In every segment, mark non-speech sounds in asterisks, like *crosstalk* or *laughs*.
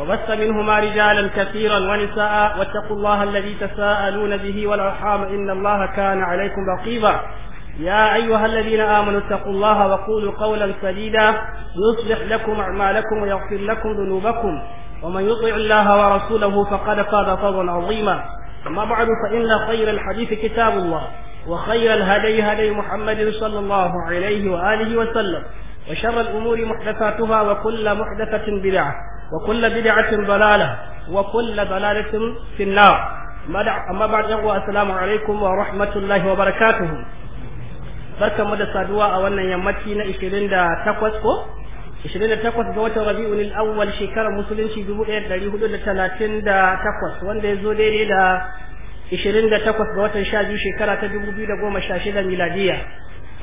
وبث منهما رجالا كثيرا ونساء واتقوا الله الذي تساءلون به والأرحام إن الله كان عليكم رقيبا يا أيها الذين آمنوا اتقوا الله وقولوا قولا سديدا يصلح لكم أعمالكم ويغفر لكم ذنوبكم ومن يطع الله ورسوله فقد فاز فضا عظيما أما بعد فإن خير الحديث كتاب الله وخير الهدي هدي محمد صلى الله عليه وآله وسلم وشر الأمور محدثاتها وكل محدثة بدعة وكل بدعة ضلالة وكل ضلالة في النار أما بعد يقوى السلام عليكم ورحمة الله وبركاته بركة مدى صدوى أولا يمتين إشرين دا تقوسكو إشرين دا تقوس جوة ربيع الأول شكرا مسلم شدوه إير دا يهود دا تلاتين دا تقوس وان دا زوليري دا إشرين دا تقوس جوة شاجو شكرا تدبو بيو دا قوم شاشدا ميلادية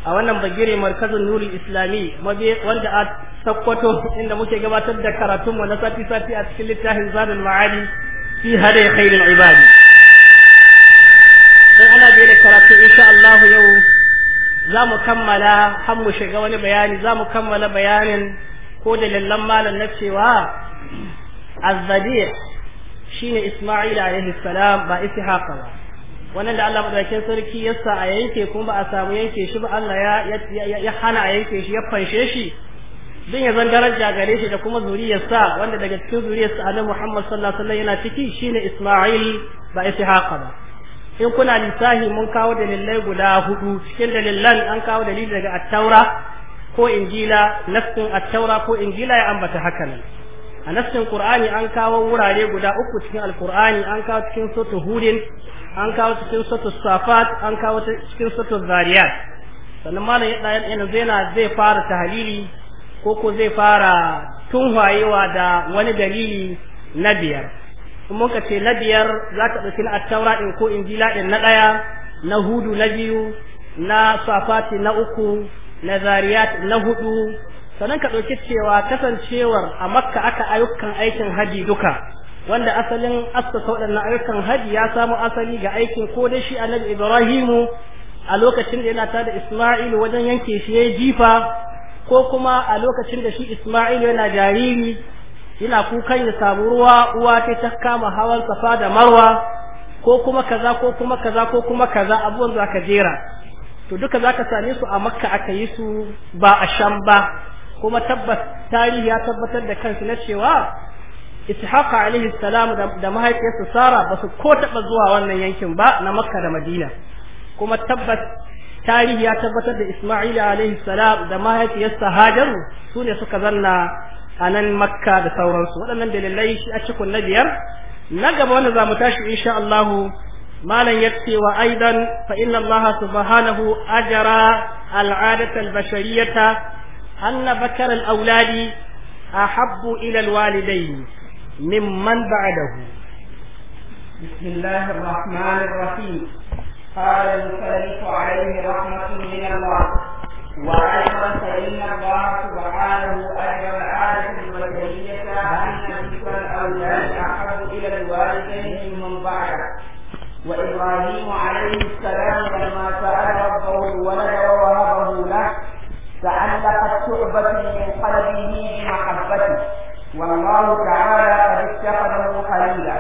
a wannan bagire markazin nuri islami wanda a sakkwato inda muke gabatar da karatunmu na sati-sati a cikin littafin zabin ma'adi fi hada ya khairul ibadi in ana biye da karatu insha Allah yau za mu kammala har mu shiga wani bayani za mu kammala bayanin ko da lallan malam na cewa azzadiya shine Isma'il alaihi salam ba haka ba wannan da Allah madaukakin sarki ya sa a yanke kuma ba a samu yanke shi ba Allah ya ya hana a yanke shi ya fanshe shi din ya zan daraja gare shi da kuma sa wanda daga cikin zuriyarsa Annabi Muhammad sallallahu alaihi wasallam yana ciki shine Isma'il ba Ishaq ba in kuna lissahi mun kawo dalilai guda hudu cikin dalilan an kawo dalili daga At-Taura ko Injila nassin At-Taura ko Injila ya ambata hakan a nassin Qur'ani an kawo wurare guda uku cikin Al-Qur'ani an kawo cikin suratul Hudin an kawo cikin sato safat an kawo cikin sato zariyat sannan malam ya dai yana zaina zai fara tahlili ko ko zai fara tunwayewa da wani dalili na biyar Kuma ce na biyar za ka ɗauki na attaura ɗin ko injila ɗin na ɗaya na hudu na biyu na safati na uku na zariyat na hudu sannan ka ɗauki cewa kasancewar a makka aka ayyukan aikin haji duka wanda asalin assasa waɗannan ayyukan haji ya samu asali ga aikin ko dai shi annabi Ibrahimu a lokacin da yana da Isma'il wajen yanke shi ya jifa ko kuma a lokacin da shi Isma'il yana jariri yana kukan ya samu ruwa uwa ta ta kama hawan safa da marwa ko kuma kaza ko kuma kaza ko kuma kaza abubuwan za ka jera to duka zaka same su a makka aka yi su ba a sham ba kuma tabbas tarihi ya tabbatar da kansu na cewa ishaqa alaihi salam da mahaifiyarsa sara ba su ko taɓa zuwa wannan yankin ba na makka da madina kuma tabbas tarihi ya tabbatar da isma'ila alaihi salam da mahaifiyarsa hajaru su ne suka zanna a nan makka da sauransu waɗannan dalilai shi a cikin na biyar na gaba wanda za mu tashi insha Allah malam ya ce wa aidan fa inna Allah subhanahu ajara al'adata al-bashariyata anna bakar al-auladi ahabbu ila al-walidayn ممن بعده بسم الله الرحمن الرحيم قال المسلف عليه رحمة من الله وعلم إن الله سبحانه أجر آلة البشرية أن ذكر الأولاد أحب إلى الوالدين من بعده وإبراهيم عليه السلام لما سأل ربه الولد ووهبه له تعلقت شعبة من قلبه بمحبته والله تعالى قد اتخذه خليلا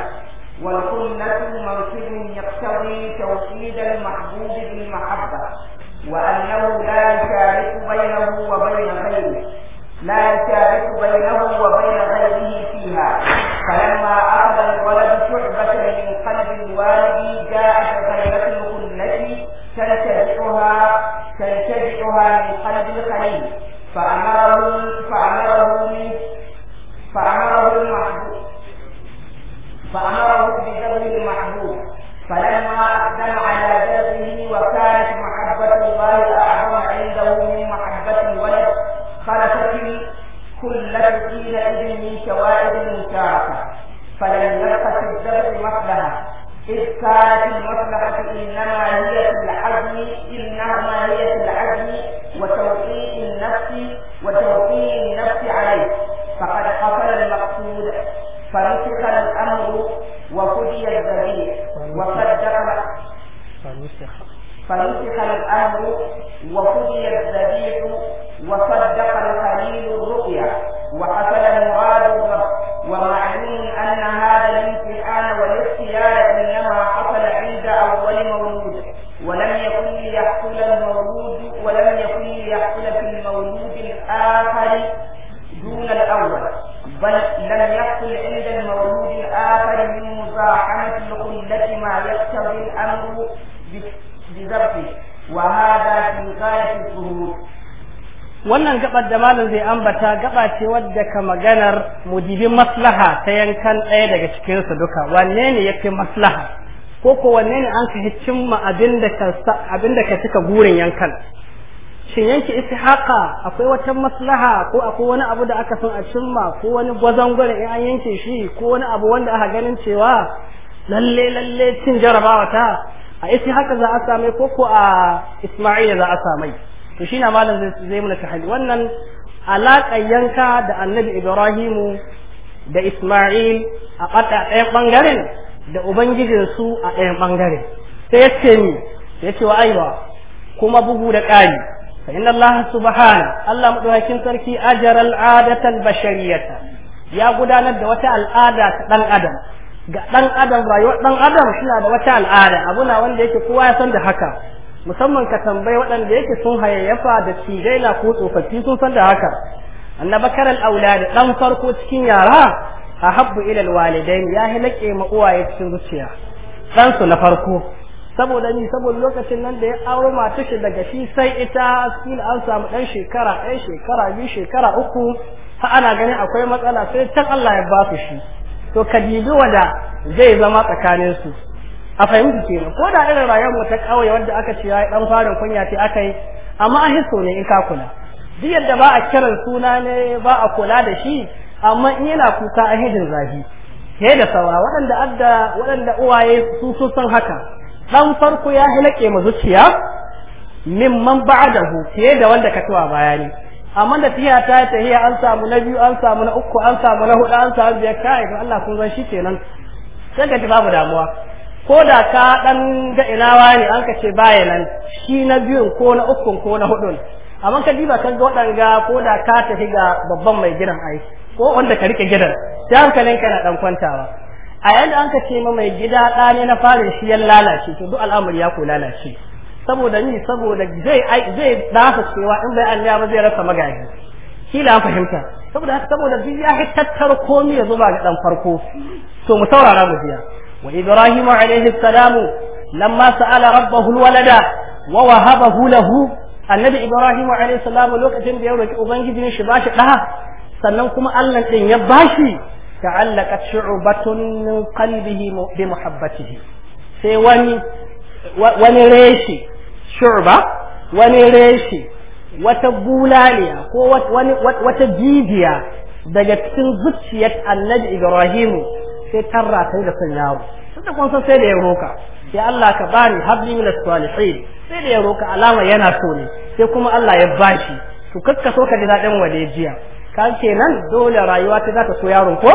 والخلة منصب يقتضي توحيد المحبوب بالمحبة وأنه لا يشارك بينه وبين غيره لا يشارك بينه وبين غيره فيها فلما أخذ الولد الفوائد المشاركة فلم يبق في الذبح مصلحة إذ كانت المصلحة إنما هي في العزم إنما هي في العزم وتوقيع النفس وتوقيع النفس عليه فقد حصل المقصود فنسخ الأمر وفدي الذبيح وصدق فنسخ فنسخ الأمر وفدي الذبيح وصدق الخليل الرؤيا وحصل بذبحه وهذا في غاية الظهور wannan gabar da malam zai ambata gaba ce wadda ka maganar mujibin maslaha ta yankan ɗaya daga su duka wanne ne ya fi maslaha ko ko wanne ne an ka cimma abin da ka cika gurin yankan shin yanke haka akwai wata maslaha ko akwai wani abu da aka san a cimma ko wani gwazon in an yanke shi ko wani abu wanda aka ganin cewa lalle lalle cin jarabawa ta a isi haka za a same ko ko a Isma'ila za a same to shi na malam zai zai ta hali wannan alaƙa yanka da annabi Ibrahimu da Isma'il a ɓata ɗayan ɓangaren da ubangijinsu a ɗayan ɓangaren sai ya ce ni ya ce wa aiwa kuma bugu da ƙari fa inna Allah subhana Allah madaukakin sarki ajara al'adatan bashariyata ya gudanar da wata al'ada ta ɗan adam ga ɗan adam rayuwar ɗan adam suna da wata al'ada abu na wanda yake kowa ya san da haka musamman ka tambayi waɗanda yake sun hayayyafa da na ko tsofaffi sun san da haka annabakar da ɗan farko cikin yara a habbu ilal walidai ya laƙe ma uwaye cikin zuciya ɗansu su na farko saboda ni saboda lokacin nan da ya auro mata shi daga shi sai ita sun an samu ɗan shekara ɗaya shekara biyu shekara uku ha ana ganin akwai matsala sai can Allah ya ba su shi to ka dibi wanda zai zama tsakanin su a fahimci kenan ko da irin rayuwar ta kawai wanda aka ce ya dan farin kunya ce aka yi amma a hisso ne in ka kula duk yadda ba a kiran suna ne ba a kula da shi amma in yana kuka a hidin zafi ke da saura waɗanda adda waɗanda uwaye su sun san haka dan farko ya halake mu zuciya mimman ba'adahu fiye da wanda ka tuwa bayani amma da tiya ta hiya an samu na biyu an samu na uku an samu na hudu an samu biyar kai ga Allah kun san kenan. sai ka ji babu damuwa ko da ka dan ga inawa ne an ka ce baya nan shi na biyun ko na uku ko na hudun amma ka diba kan ga waɗanga ko da ka tafi ga babban mai gidan ai ko wanda ka rike gidan sai hankalin na dan kwantawa a yanda an ka ce mai gida ɗane na farin shi ya lalace to duk al'amari ya ko lalace saboda ni saboda zai zai dafa cewa in bai allah ba zai rasa magaji kila fahimta saboda haka saboda duk ya ya zuba ga dan farko to mu saurara mu biya wa ibrahim alaihi salamu lamma sa'ala rabbahu alwalada wa wahabahu lahu annabi ibrahim alaihi salamu lokacin da ya roki ubangijin shi bashi da sannan kuma Allah din ya bashi ta'allaqat shu'batun min qalbihi bi muhabbatihi sai wani wani reshi shurba wani reshe wata bulaliya ko wata jijiya daga cikin zuciyar annabi ibrahimu sai tarra ta da son yaro sai da sai da ya roka ya Allah ka bani habli min as-salihin sai da ya roka alama yana so ne sai kuma Allah ya bashi to kakka so ka ji dadin wadejiya kan kenan dole rayuwa ta zaka so yaron ko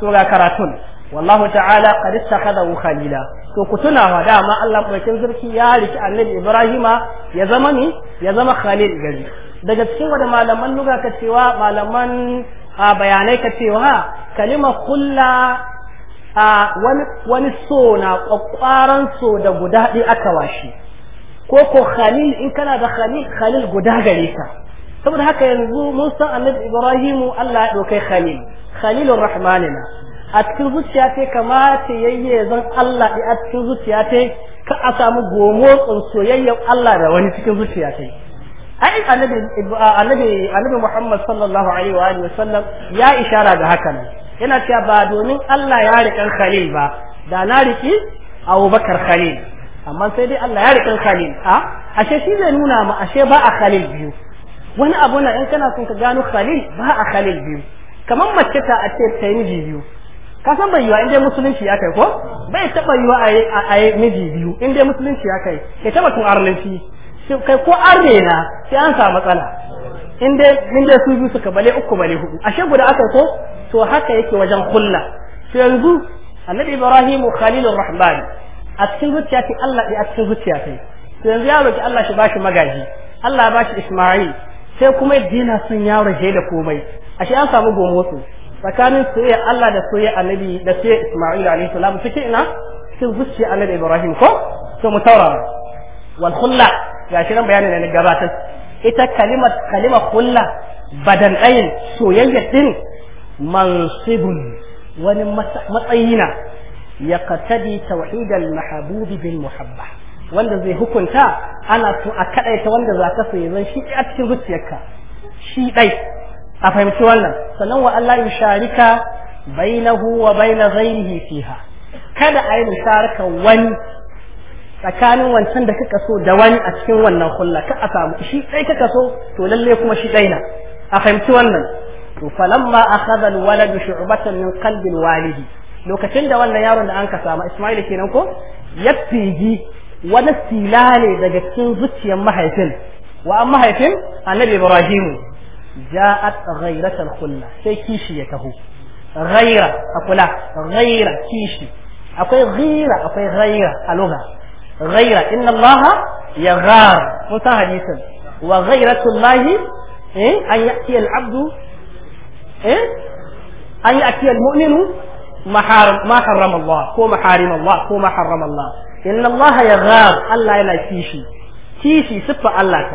so ga karatun wallahu ta'ala qad ittakhadahu khalila to ku tunawa dama Allah bakin zurfi ya riki annabi Ibrahima ya zama ni ya zama khalil gari daga cikin wanda malaman luga ka cewa malaman a bayanai ka cewa kalima kulla a wani wani so na kwakwaran so da guda ɗi aka ko ko khalil in kana da khalil khalil guda gare ka saboda haka yanzu mun san annabi ibrahimu Allah ya dokai khalil khalilur rahmanina a cikin zuciya ta kamata yayye zan Allah ɗi a cikin zuciya ta ka a samu gomotsin soyayyar Allah da wani cikin zuciya ta ai annabi annabi Muhammad sallallahu alaihi wa alihi ya ishara ga hakan yana cewa ba domin Allah ya rikan Khalil ba da na riki Abubakar Khalil amma sai dai Allah ya rikan Khalil a ashe shi zai nuna ma ashe ba a Khalil biyu wani abu na in kana son ka gano Khalil ba a Khalil biyu kamar mace ta a ce ta yi biyu ka san bai yiwa in dai musulunci ya kai ko bai taba yiwa a yi miji biyu in dai musulunci ya kai ya taba tun arnanci kai ko arne na sai an samu matsala in dai in dai su biyu suka bale uku bale hudu ashe guda aka ko to haka yake wajen kulla to yanzu annabi ibrahim khalilur rahman a cikin zuciya ce Allah ya a cikin zuciya sai to yanzu ya roki Allah shi bashi magaji Allah ya bashi Isma'il sai kuma yana son yaro je da komai ashe an samu gomotsu tsakanin soyayya Allah da soyayya annabi da soyayya Isma'il alayhi salam cikin ina cikin zuciya annabi Ibrahim ko to mu taurara wal khulla ya shi bayani bayanin ne gabatar ita kalimat kalima khulla badan ayin soyayya din mansibun wani matsayina ya qatadi tauhid al mahbub bil muhabba wanda zai hukunta ana so a kadaita wanda za so yanzu shi a cikin zuciyarka shi dai a fahimci wannan sannan wa Allah yusharika huwa wa na ghairihi fiha kada a yi musharaka wani tsakanin wancan da kaka so da wani a cikin wannan hulla ka a samu shi dai kaka so to lalle kuma shi dai na a fahimci wannan to falamma akhadha da shu'batan min kalbin walidi lokacin da wannan yaron da an ka samu Isma'il kenan ko ya fiji wani ne daga cikin zuciyar mahaifin wa mahaifin annabi Ibrahim جاءت غيرة الخلة سي كيشي يكهو غيرة أقول غيرة كيشي أقول غيرة أقول غيرة ألغة غيرة إن الله يغار فتا حديثا وغيرة الله إيه؟ أن يأتي العبد إيه؟ أن يأتي المؤمن ما حرم الله هو محارم الله هو ما حرم الله إن الله يغار الله إلى كيشي كيشي سبع الله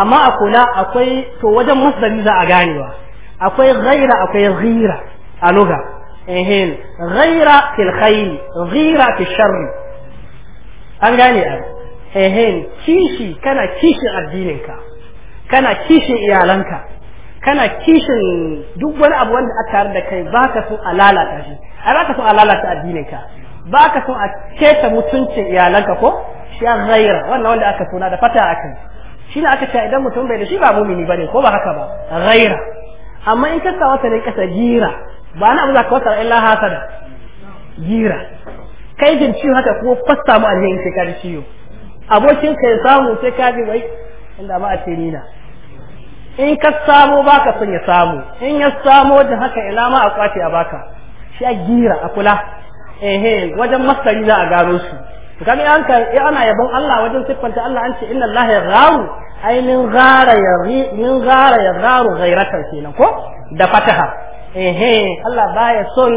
amma a kula akwai to wajen masdari za a ganewa akwai ghaira akwai ghira a lugha ehin ghaira fil khayr ghira fil sharr an gane a ehin kishi kana kishin addininka kana kishin iyalanka kana kishin duk wani abu wanda a tare da kai baka so a lalata shi ai baka so a lalata addininka ka so a keta mutuncin iyalanka ko shi ghaira wannan wanda aka suna da fata akai shi aka ce idan mutum bai da shi ba mumini bane ko ba haka ba ghaira amma in ka sa ne kasa gira ba na abu za ka wasa illa hasada gira kai jin ciwo haka ko fasta mu alheri sai ka ji ciwo abokin ka ya samu sai ka ji wai inda ba a ce ni na in ka samo baka son ya samu in ya samo da haka ila ma a kwace a baka shi a gira a kula ehe wajen masari za a gano su kaga an ka ana yabon Allah wajen siffanta Allah an ce inna Allah ya gharu ai min ghara ya min ghara ya gharu ghairatan kenan ko da fataha ehe Allah baya son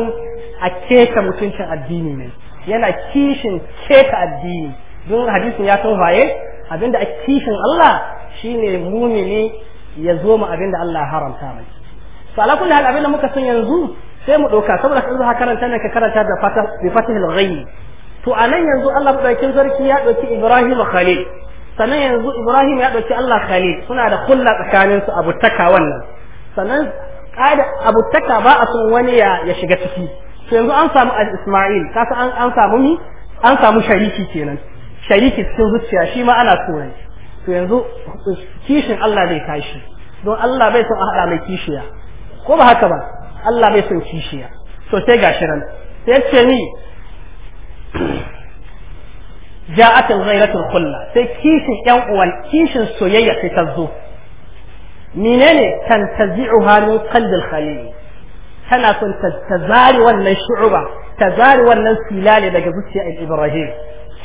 a keta mutuncin addini ne yana kishin keta addini don hadisin ya san waye abinda a kishin Allah shine mumini ya zo mu abinda Allah haramta mai to ala kulli hal abinda muka san yanzu sai mu dauka saboda kan zuwa karanta ne ka karanta da fatah bi fatihil ghaib to a nan yanzu Allah madaukin sarki ya ɗauki Ibrahim Khalil sannan yanzu Ibrahim ya ɗauki Allah Khalil suna da kulla tsakanin su abutaka wannan sannan kada abutaka ba a son wani ya ya shiga ciki to yanzu an samu Isma'il kasa an an samu ni an samu shariki kenan shariki cikin zuciya shi ma ana so ne to yanzu kishin Allah zai tashi don Allah bai son a haɗa mai kishiya ko ba haka ba Allah bai son kishiya to sai gashi nan sai ce ni ja'atul ghairatul khulla sai kishin yan uwan kishin soyayya sai ta zo menene tantazi'uha min qalbil khalil tana son ta zari wannan shu'uba ta zari wannan silale daga zuciya ibrahim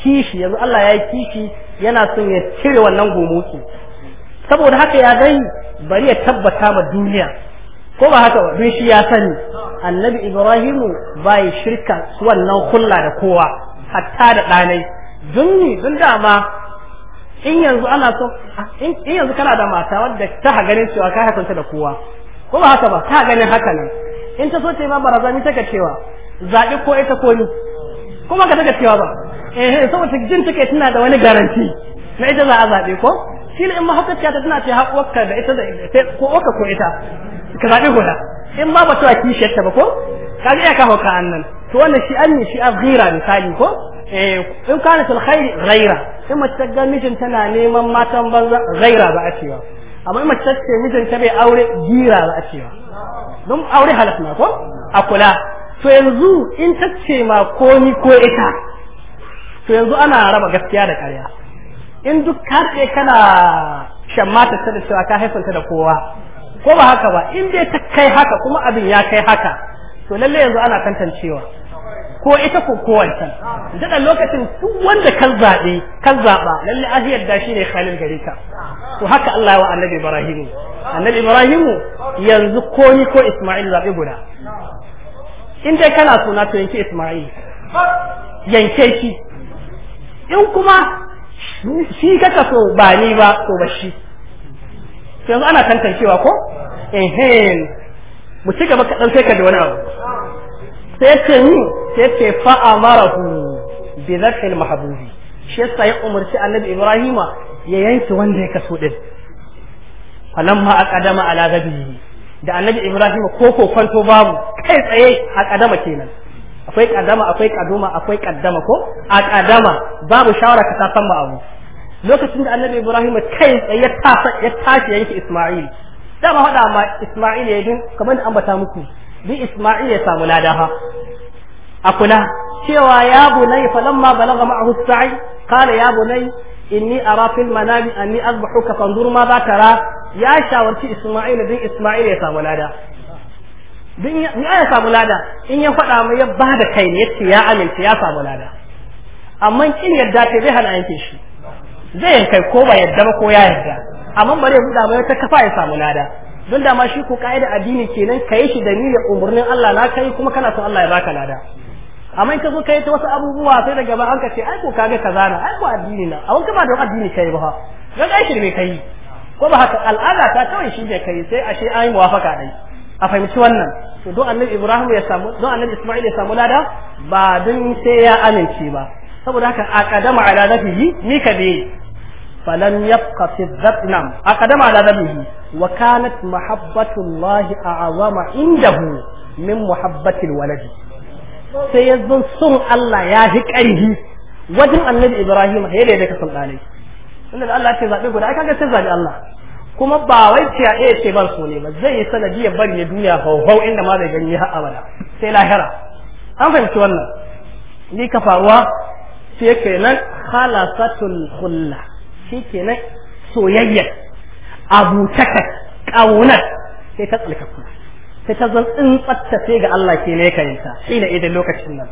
kishi yanzu Allah ya yi kishi yana son ya cire wannan gomoki saboda haka ya dai bari ya tabbata ma duniya ko ba haka ba don shi ya sani annabi ibrahimu bai shirka wannan kulla da kowa hatta da ɗanai dunni dun dama in yanzu ana so in yanzu kana da mata wadda ta ganin cewa ka hakanta da kowa ko ba haka ba ta ganin haka ne in ta so ta yi ma barazani take cewa zaɓi ko ita ko ni ko ba ka take cewa ba eh saboda jin take tana da wani garanti na ita za a zaɓe ko shi ne in mahaukaciya ta tana ce haƙuwarka da ita da ko ko ita ka zaɓi da. in ba ba ta kishiyar ta ba ko ka ga ka ka annan to wannan shi an shi azghira misali ko eh in kana til khairi ghaira in mace ta ga mijin tana neman matan banza ghaira ba a cewa amma in mace ta ce mijin ta bai aure gira ba a cewa don aure halafna ko a kula to yanzu in ta ce ma ko ni ko ita to yanzu ana raba gaskiya da ƙarya in duk ka kana shan mata ta da cewa ka haifanta da kowa ko ba haka ba in dai ta kai haka kuma abin ya kai haka to lalle yanzu ana tantancewa ko ita ko kowancan daɗa lokacin duk wanda kan zaɓe kan zaɓa lalle an da shi ne khalil gare ka to haka Allah wa annabi Ibrahimu annabi Ibrahimu yanzu ko ni ko Isma'il zaɓe guda in dai kana suna to yanke Isma'il yanke shi in kuma shi kaka so ba ni ba to ba shi yanzu ana tantancewa ko ehen mu ci gaba kaɗan sai ka da wani abu sai ce ni sai ce fa'amarahu bi zakil mahabubi shi yasa ya umarci annabi ibrahima ya yanke wanda ya kaso din falamma aqadama ala zabihi da annabi ibrahima ko ko kwanto babu kai tsaye a kadama kenan akwai kadama akwai kaduma akwai kaddama ko A kadama. babu shawara ka san abu lokacin da annabi ibrahim kai tsaye ya tashi ya tashi yanki isma'il da ba hada ma isma'il ya bin kamar da ambata muku bi isma'il ya samu ladaha a kula cewa ya bunai falamma balagha ma'ahu sa'i qala ya bunai inni ara fil manami anni azbahuka fanzur ma za tara ya shawarci isma'il bin isma'il ya samu lada din ya samu lada in ya fada mai ya bada kai ne ya amince ya samu lada amma kin yadda ta zai hana yanke shi zai kai ko ba yadda ba ko ya yadda amma bare ya buɗa mai ta kafa ya samu lada don da ma shi ko ka'ida addini kenan kai shi da niyyar umurnin Allah na kai kuma kana son Allah ya baka lada amma in ka zo kai ta wasu abubuwa sai daga ba an ka ce ai ko kaga kaza na ai ko addini na amma kuma da addini kai ba dan ai shirme kai ko ba haka al'ada ta kawai shi ne kai sai ashe an yi muwafaka dai a fahimci wannan to don annabi Ibrahim ya samu don annabi Isma'il ya samu lada ba don sai ya amince ba saboda haka a kadama ala nafihi ni ka be فلم يبق في الذنب نعم أقدم على ذنبه وكانت محبة الله أعظم عنده من محبة الولد سيزن سن الله يا هكره وجن النبي إبراهيم هي لي بك صلى عليه إن الله تزابي قد أكاد تزابي الله kuma ba wai ce a iya ce ban so ne ba zai yi ya bari ya duniya hauhau inda ma zai ganye har abada sai lahira an fahimci wannan ni faruwa sai kenan khalasatul khulla shi kenan soyayya abutaka kauna sai ta tsalkaku sai ta zan tsintsatta sai ga Allah ke ne ka kayinta shi ne idan lokacin nan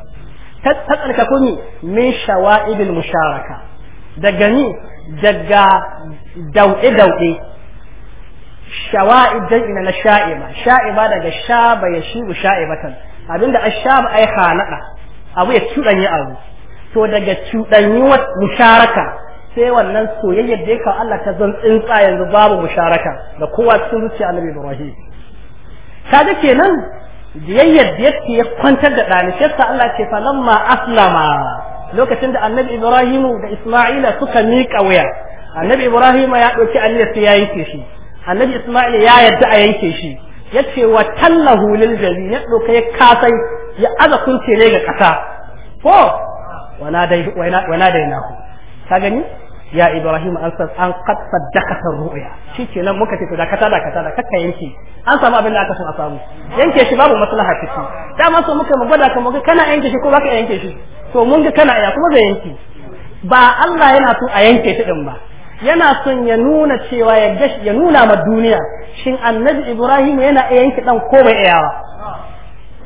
ta tsalkaku ni min shawa'idil musharaka daga ni daga dauɗe-dauɗe shawa'id jam'ina na sha'iba sha'iba daga shaba ya shibu sha'ibatan abinda ashaba ai halaka abu ya cuɗanyi abu to daga cuɗanyi musharaka sai wannan soyayyar da yake Allah ta zan tsintsa yanzu babu musharaka da kowa cikin zuciya Annabi Ibrahim kaga kenan biyayyar da yake ya kwantar da dani sai sa Allah ce falamma aslama lokacin da Annabi Ibrahim da Isma'ila suka miƙa wuya Annabi Ibrahim ya dauki aniyar sai ya yanke shi Annabi Isma'ila ya yarda a yanke shi yace wa tallahu lil jabi ya doka ya kasai ya aza kunce ne ga kasa ko wana dai wana dai nahu ka gani ya ibrahim an an qad saddaqata ru'ya shikenan muka ce to da kata da kata da kakka yanke an samu abin da aka so a samu yanke shi babu maslaha ciki dama so muka magwada ka muga kana yanke shi ko baka yanke shi to mun ga kana ya kuma zai yanke ba Allah yana so a yanke shi din ba yana son ya nuna cewa ya ya nuna ma duniya shin annabi ibrahim yana yanke dan ko bai iyawa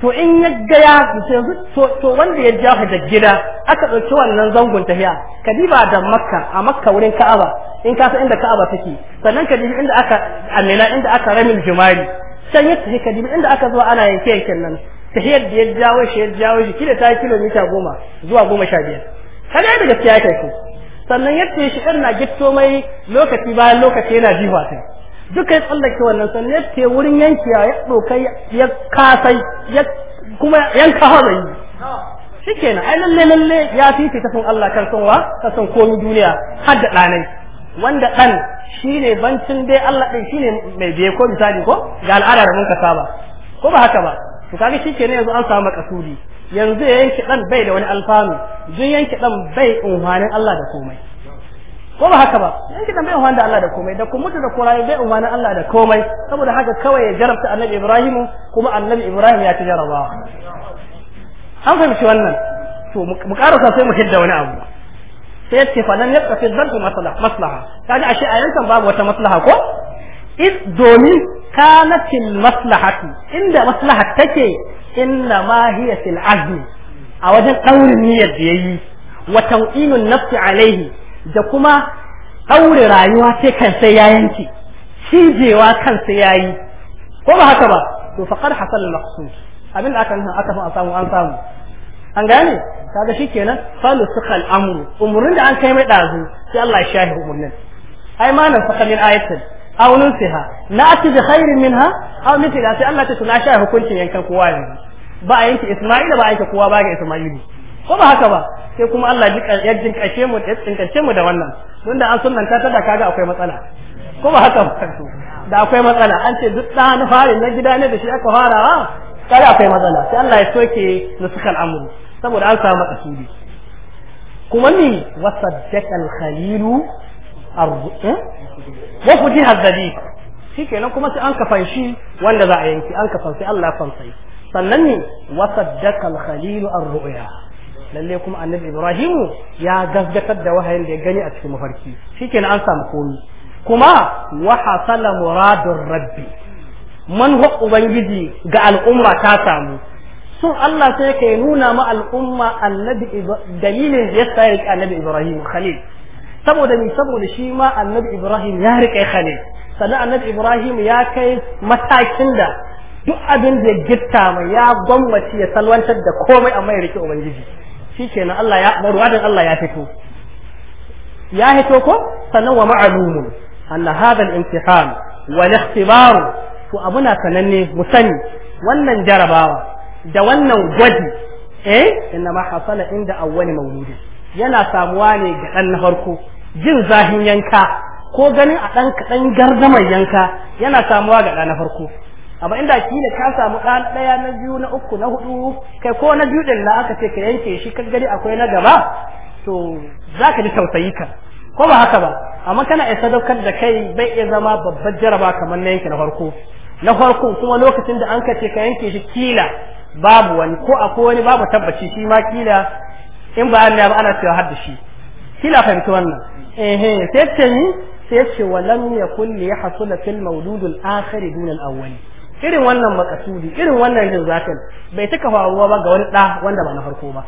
to in ya gaya ya to wanda ya jafa da gida aka dauki wannan zangon tahiya ka diba da makka a makka wurin ka'aba in ka san inda ka'aba take sannan ka dibi inda aka amina inda aka ramin jumari can ya tafi ka dibi inda aka zuwa ana yanke yanken nan tahiyar da ya jawo shi ya jawo shi kila ta kilomita goma zuwa goma sha biyar Ka kana da gaskiya kai sannan yadda shi ɗan na gitto mai lokaci bayan lokaci yana jiwa ta duka ya tsallake wannan sannan ya ce wurin yankiya ya tsoka ya kasai ya kuma yanka hawa yi shi kenan ai lalle lalle ya fifita sun Allah kan son wa ka son komi duniya har da ɗanai wanda ɗan shi ne bancin dai Allah ɗin shi ne mai biye ko misali ko ga al'ada da mun ka saba ko ba haka ba to kaga shi kenan yanzu an samu makasudi yanzu ya yanke ɗan bai da wani alfanu duk yanke ɗan bai unhanin Allah da komai ko ba haka ba in kidan bai da Allah da komai da mutu da Qur'ani bai wanda Allah da komai saboda haka kawai ya jarabta Annabi Ibrahim kuma Annabi Ibrahim ya ci jaraba an fahimci wannan to mu karasa sai mu hidda wani abu sai ya ce falan yabqa fi maslaha kaga a yankan babu wata maslaha ko iz domin kanatil maslahatu inda maslahat take inna ma hiya fil azmi a wajen daurin niyyar da yayi wa tawilun nafsi alaihi da kuma aure rayuwa sai kan sai ya yanke cijewa kan sai ya yi ko ba haka ba to faqad hasal maqsud abin da aka nuna aka fa samu an samu an gane kaga shikenan falu sukal amru umrun da an kai mai dazu sai Allah ya shahi umurnin ai ma nan sakalin ayatin aw nunsiha na bi khairin minha aw mithla sai Allah ta tuna shahi hukuncin yankan kowa yanzu ba a yanke Isma'ila ba a yanke kowa ba ga Isma'ilu ko ba haka ba sai kuma Allah ya jinkashe mu ya jinkashe mu da wannan don da an sunanta ta da kaga akwai matsala ko ba haka ba da akwai matsala an ce duk da na fari na gida ne da shi aka farawa ah, kada akwai matsala sai Allah ya soke nusukal amuru saboda an samu kasudi kuma ni wasaddaqa al-khalilu eh? wa fujiha al-dhalik shikenan kuma sai an kafan shi wanda za a yanki an kafan sai Allah ya fansai sannan ni wasaddaqa al-khalilu ar-ru'ya lalle kuma annabi ibrahimu ya gasgatar da wahayin da ya gani a cikin mafarki shikenan an samu komi kuma wa hasala muradur rabbi manhaj ubangiji ga al'umma ta samu sun Allah sai ka nuna ma al'umma annabi dalilin da ya sa ya annabi ibrahim khalil saboda ni saboda shi ma annabi ibrahim ya rike khalil sannan annabi ibrahim ya kai matakin da duk abin da ya gitta mai ya gwammaci ya salwantar da komai amma ya rike ubangiji shi na Allah ya adin Allah ya fito ya fito ko sannan wa ma'alumu anna hadha al-imtihan wal ikhtibar to abuna sananne mu sani wannan jarabawa da wannan gwaji eh inna ma hasala inda awwali mawludi yana samuwa ne ga dan na farko jin zahin yanka ko ganin a ɗan kadan gardamar yanka yana samuwa ga dan na farko amma inda kila ka samu ɗan ɗaya na biyu na uku na hudu kai ko na biyu ɗin na aka ce ka yanke shi ka gari akwai na gaba to za ka ji tausayi ka ko ba haka ba amma kana isa sadaukar da kai bai iya zama babbar jaraba kamar na yanke na farko na farko kuma lokacin da an ka ce ka yanke shi kila babu wani ko akwai wani babu tabbaci shi ma kila in ba an ba ana cewa har da shi kila fahimci wannan eh sai ce ni sai ce walam yakul li yahsul fil mawlud al akhir dun al awwal irin wannan makasudi irin wannan jin zatin bai taka faruwa ba ga wani ɗa wanda ba na farko ba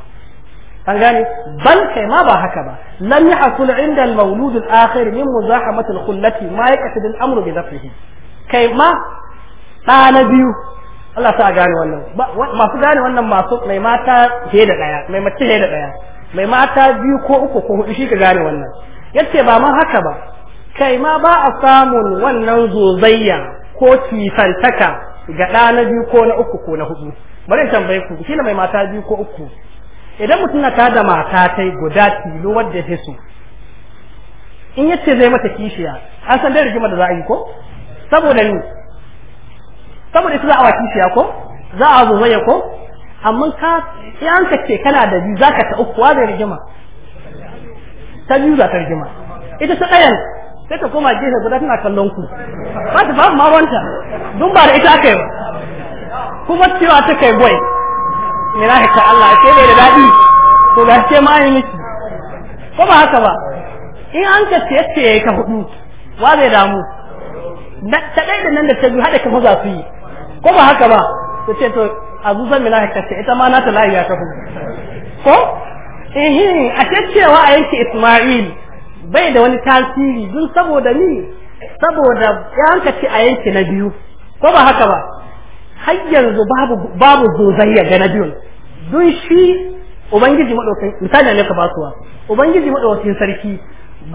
an gane bal kai ma ba haka ba lam yahsul inda al-mawlud al-akhir min muzahamat al-khullati ma yaqsid al-amru bi nafsihi kai ma ɗa na biyu Allah sa gane wannan masu gane wannan masu mai mata he da daya mai mace he da daya mai mata biyu ko uku ko hudu shi ka gane wannan yace ba ma haka ba kai ma ba a samun wannan zozayya ko kifantaka ga ɗa na biyu ko na uku ko na hudu bari tambaye ku shi mai mata biyu ko uku idan mutum na tada mata tai guda tilo wadda ya so in yace zai mata kishiya an san dai rigima da za a yi ko saboda ni saboda ita za a wa kishiya ko za a zo zaya ko amma ka yan ka ce kana da biyu zaka ta uku wa zai rigima ta biyu za ta rigima ita ta ɗayan sai ta koma gefe guda tana kallon ku ba ta ba ma wanta dun ba da ita aka yi kuma cewa ta kai boy na haka Allah ke bai da dadi to ga ce ma yi miki ko ba haka ba in an ka ce ce ka hudu wa zai damu ta dai da nan da ta biyu hada ka za su yi ko ba haka ba ta ce to azuzan na haka ce ita ma na ta lafiya ka hudu ko eh a ce cewa a yanke Isma'il bai da wani tasiri dun saboda ni saboda yanka ce a yanki na biyu ko ba haka ba har yanzu babu babu zozayya ga na biyun dun shi ubangiji madaukakin misali ne ka basuwa ubangiji madaukakin sarki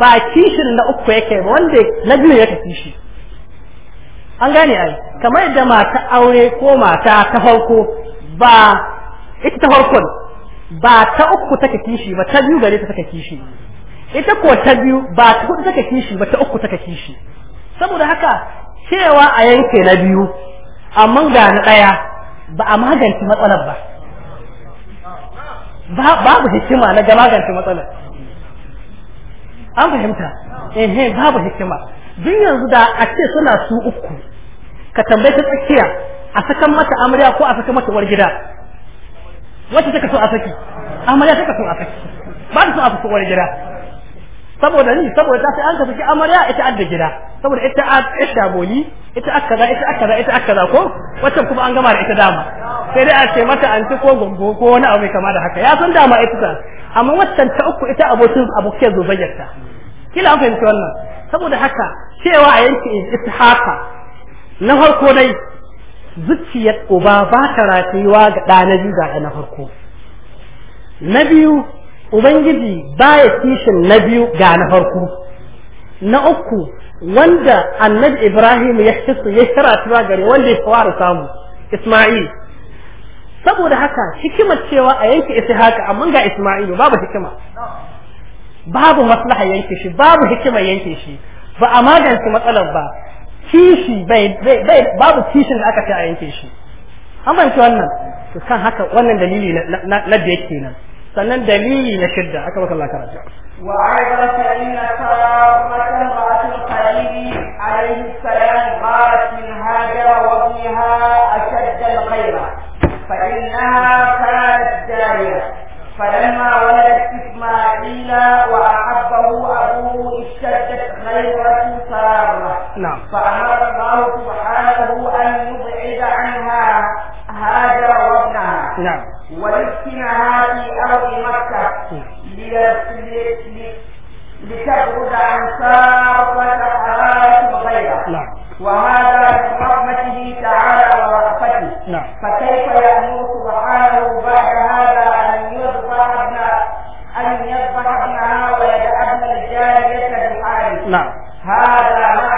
ba kishin na uku yake ba wanda na biyu yake kishi an gane ai kamar yadda mata aure ko mata ta farko ba ita ta farkon ba ta uku take kishi ba ta biyu gare ta take kishi ita ko ta biyu ba ta hudu take kishi ba ta uku take kishi saboda haka cewa a yanke na biyu amma ga na ɗaya ba a magance matsalar ba babu hikima na ga magance matsalar an fahimta ehe babu hikima duk yanzu da a ce suna su uku ka tambaye ta tsakiya a sakan mata amarya ko a sakan mata uwar gida wacce take so a saki amarya take so a saki ba ta so a saki uwar gida saboda ni saboda ta sai an ka saki amarya ita adda gida saboda ita ita boli ita aka za ita aka za ita aka za ko wacce kuma an gama da ita dama sai dai a ce mata anti ko gombo ko wani abu kama da haka ya san dama ita ta amma waccan ta uku ita abokin abokiyar zubayyar ta kila an fahimci wannan saboda haka cewa a yanki haka. na farko dai zuciyar uba ba ta ratayuwa ga ɗa na biyu ga na farko na biyu ubangiji baya kishin na biyu ga na farko na uku wanda annabi ibrahim ya hisu ya shara gare wanda ya fara samu isma'il saboda haka hikima cewa a yanke haka amma ga isma'ilu babu hikima babu maslaha yanke shi babu hikima yanke shi ba a magance matsalar ba kishi bai babu kishin da aka ce a yanke shi an wannan to kan haka wannan dalili na da yake nan sannan dalili na shidda aka maka Allah karatu wa aibata inna sarratan ra'atul khalili alayhi salam gharat min hajara wa biha ashadda al-ghayra fa innaha kanat jarira فلما ولدت إسماعيل وأحبه أبوه اشتدت غيرة سارة نعم فأمر الله سبحانه أن يبعد عنها هاجر وابنها نعم ولكن في أرض مكة لتبعد عن سارة الحرارة الغيرة نعم وهذا من رحمته تعالى ورأفته نعم فكيف يأمر سبحانه بعد هذا أن يذبح ابن أن يذبح ابنها ويدع ابن الجارية بحاله نعم هذا معنى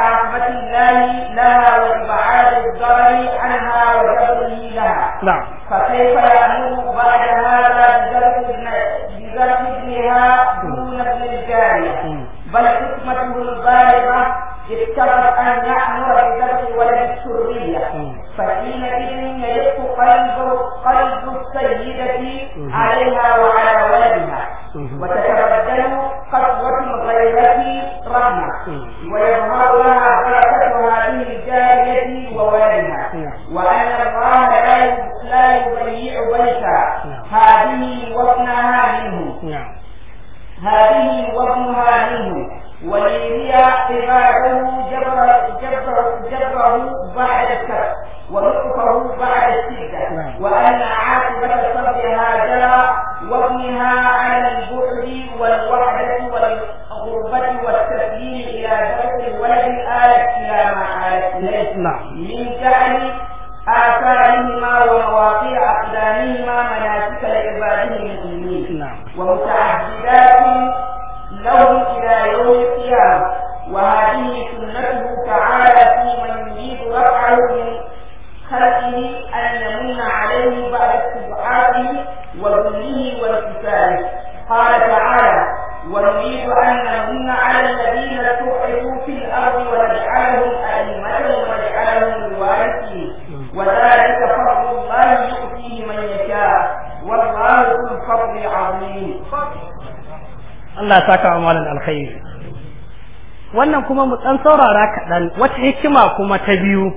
kuma mu ɗan saurara kaɗan wata hikima kuma ta biyu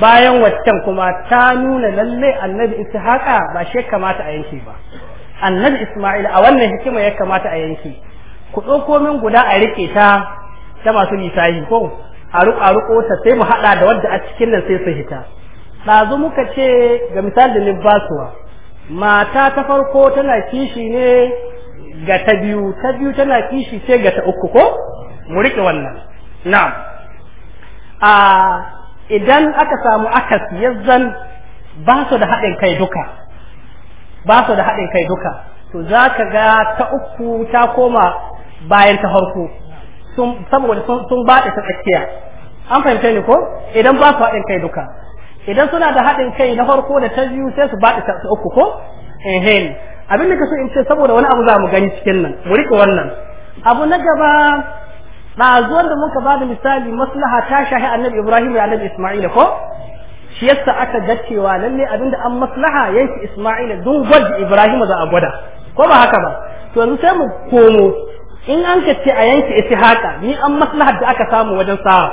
bayan waccan kuma ta nuna lallai annabi ishaqa ba shi kamata a yanke ba annabi isma'il a wannan hikima ya kamata a yanke ku ɗauko min guda a rike ta ta masu lisahi ko a ruƙo ta sai mu haɗa da wadda a cikin nan sai su hita ɗazu muka ce ga misali da basuwa mata ta farko tana kishi ne ga ta biyu ta biyu tana kishi ce ga ta uku ko mu riƙe wannan na'am a idan aka samu akasi yazzan ba su da haɗin kai duka ba su da haɗin kai duka to za ka ga ta uku ta koma bayan ta farko saboda sun ba ta tsakiya an fahimta ni ko idan ba su haɗin kai duka idan suna da haɗin kai na farko da ta biyu sai su baɗe ta uku ko ehem abin da ka so in ce saboda wani abu za mu gani cikin nan mu riƙe wannan abu na gaba ɗazuwan da muka bada misali maslaha ta shahi annabi ibrahim da annabi isma'ila ko shi yasa aka ga cewa lalle abinda an maslaha yanki isma'ila dun gwaji ibrahim za a gwada ko ba haka ba to yanzu sai mu komo in an ka ce a yanki ishaqa ni an maslaha da aka samu wajen sa'a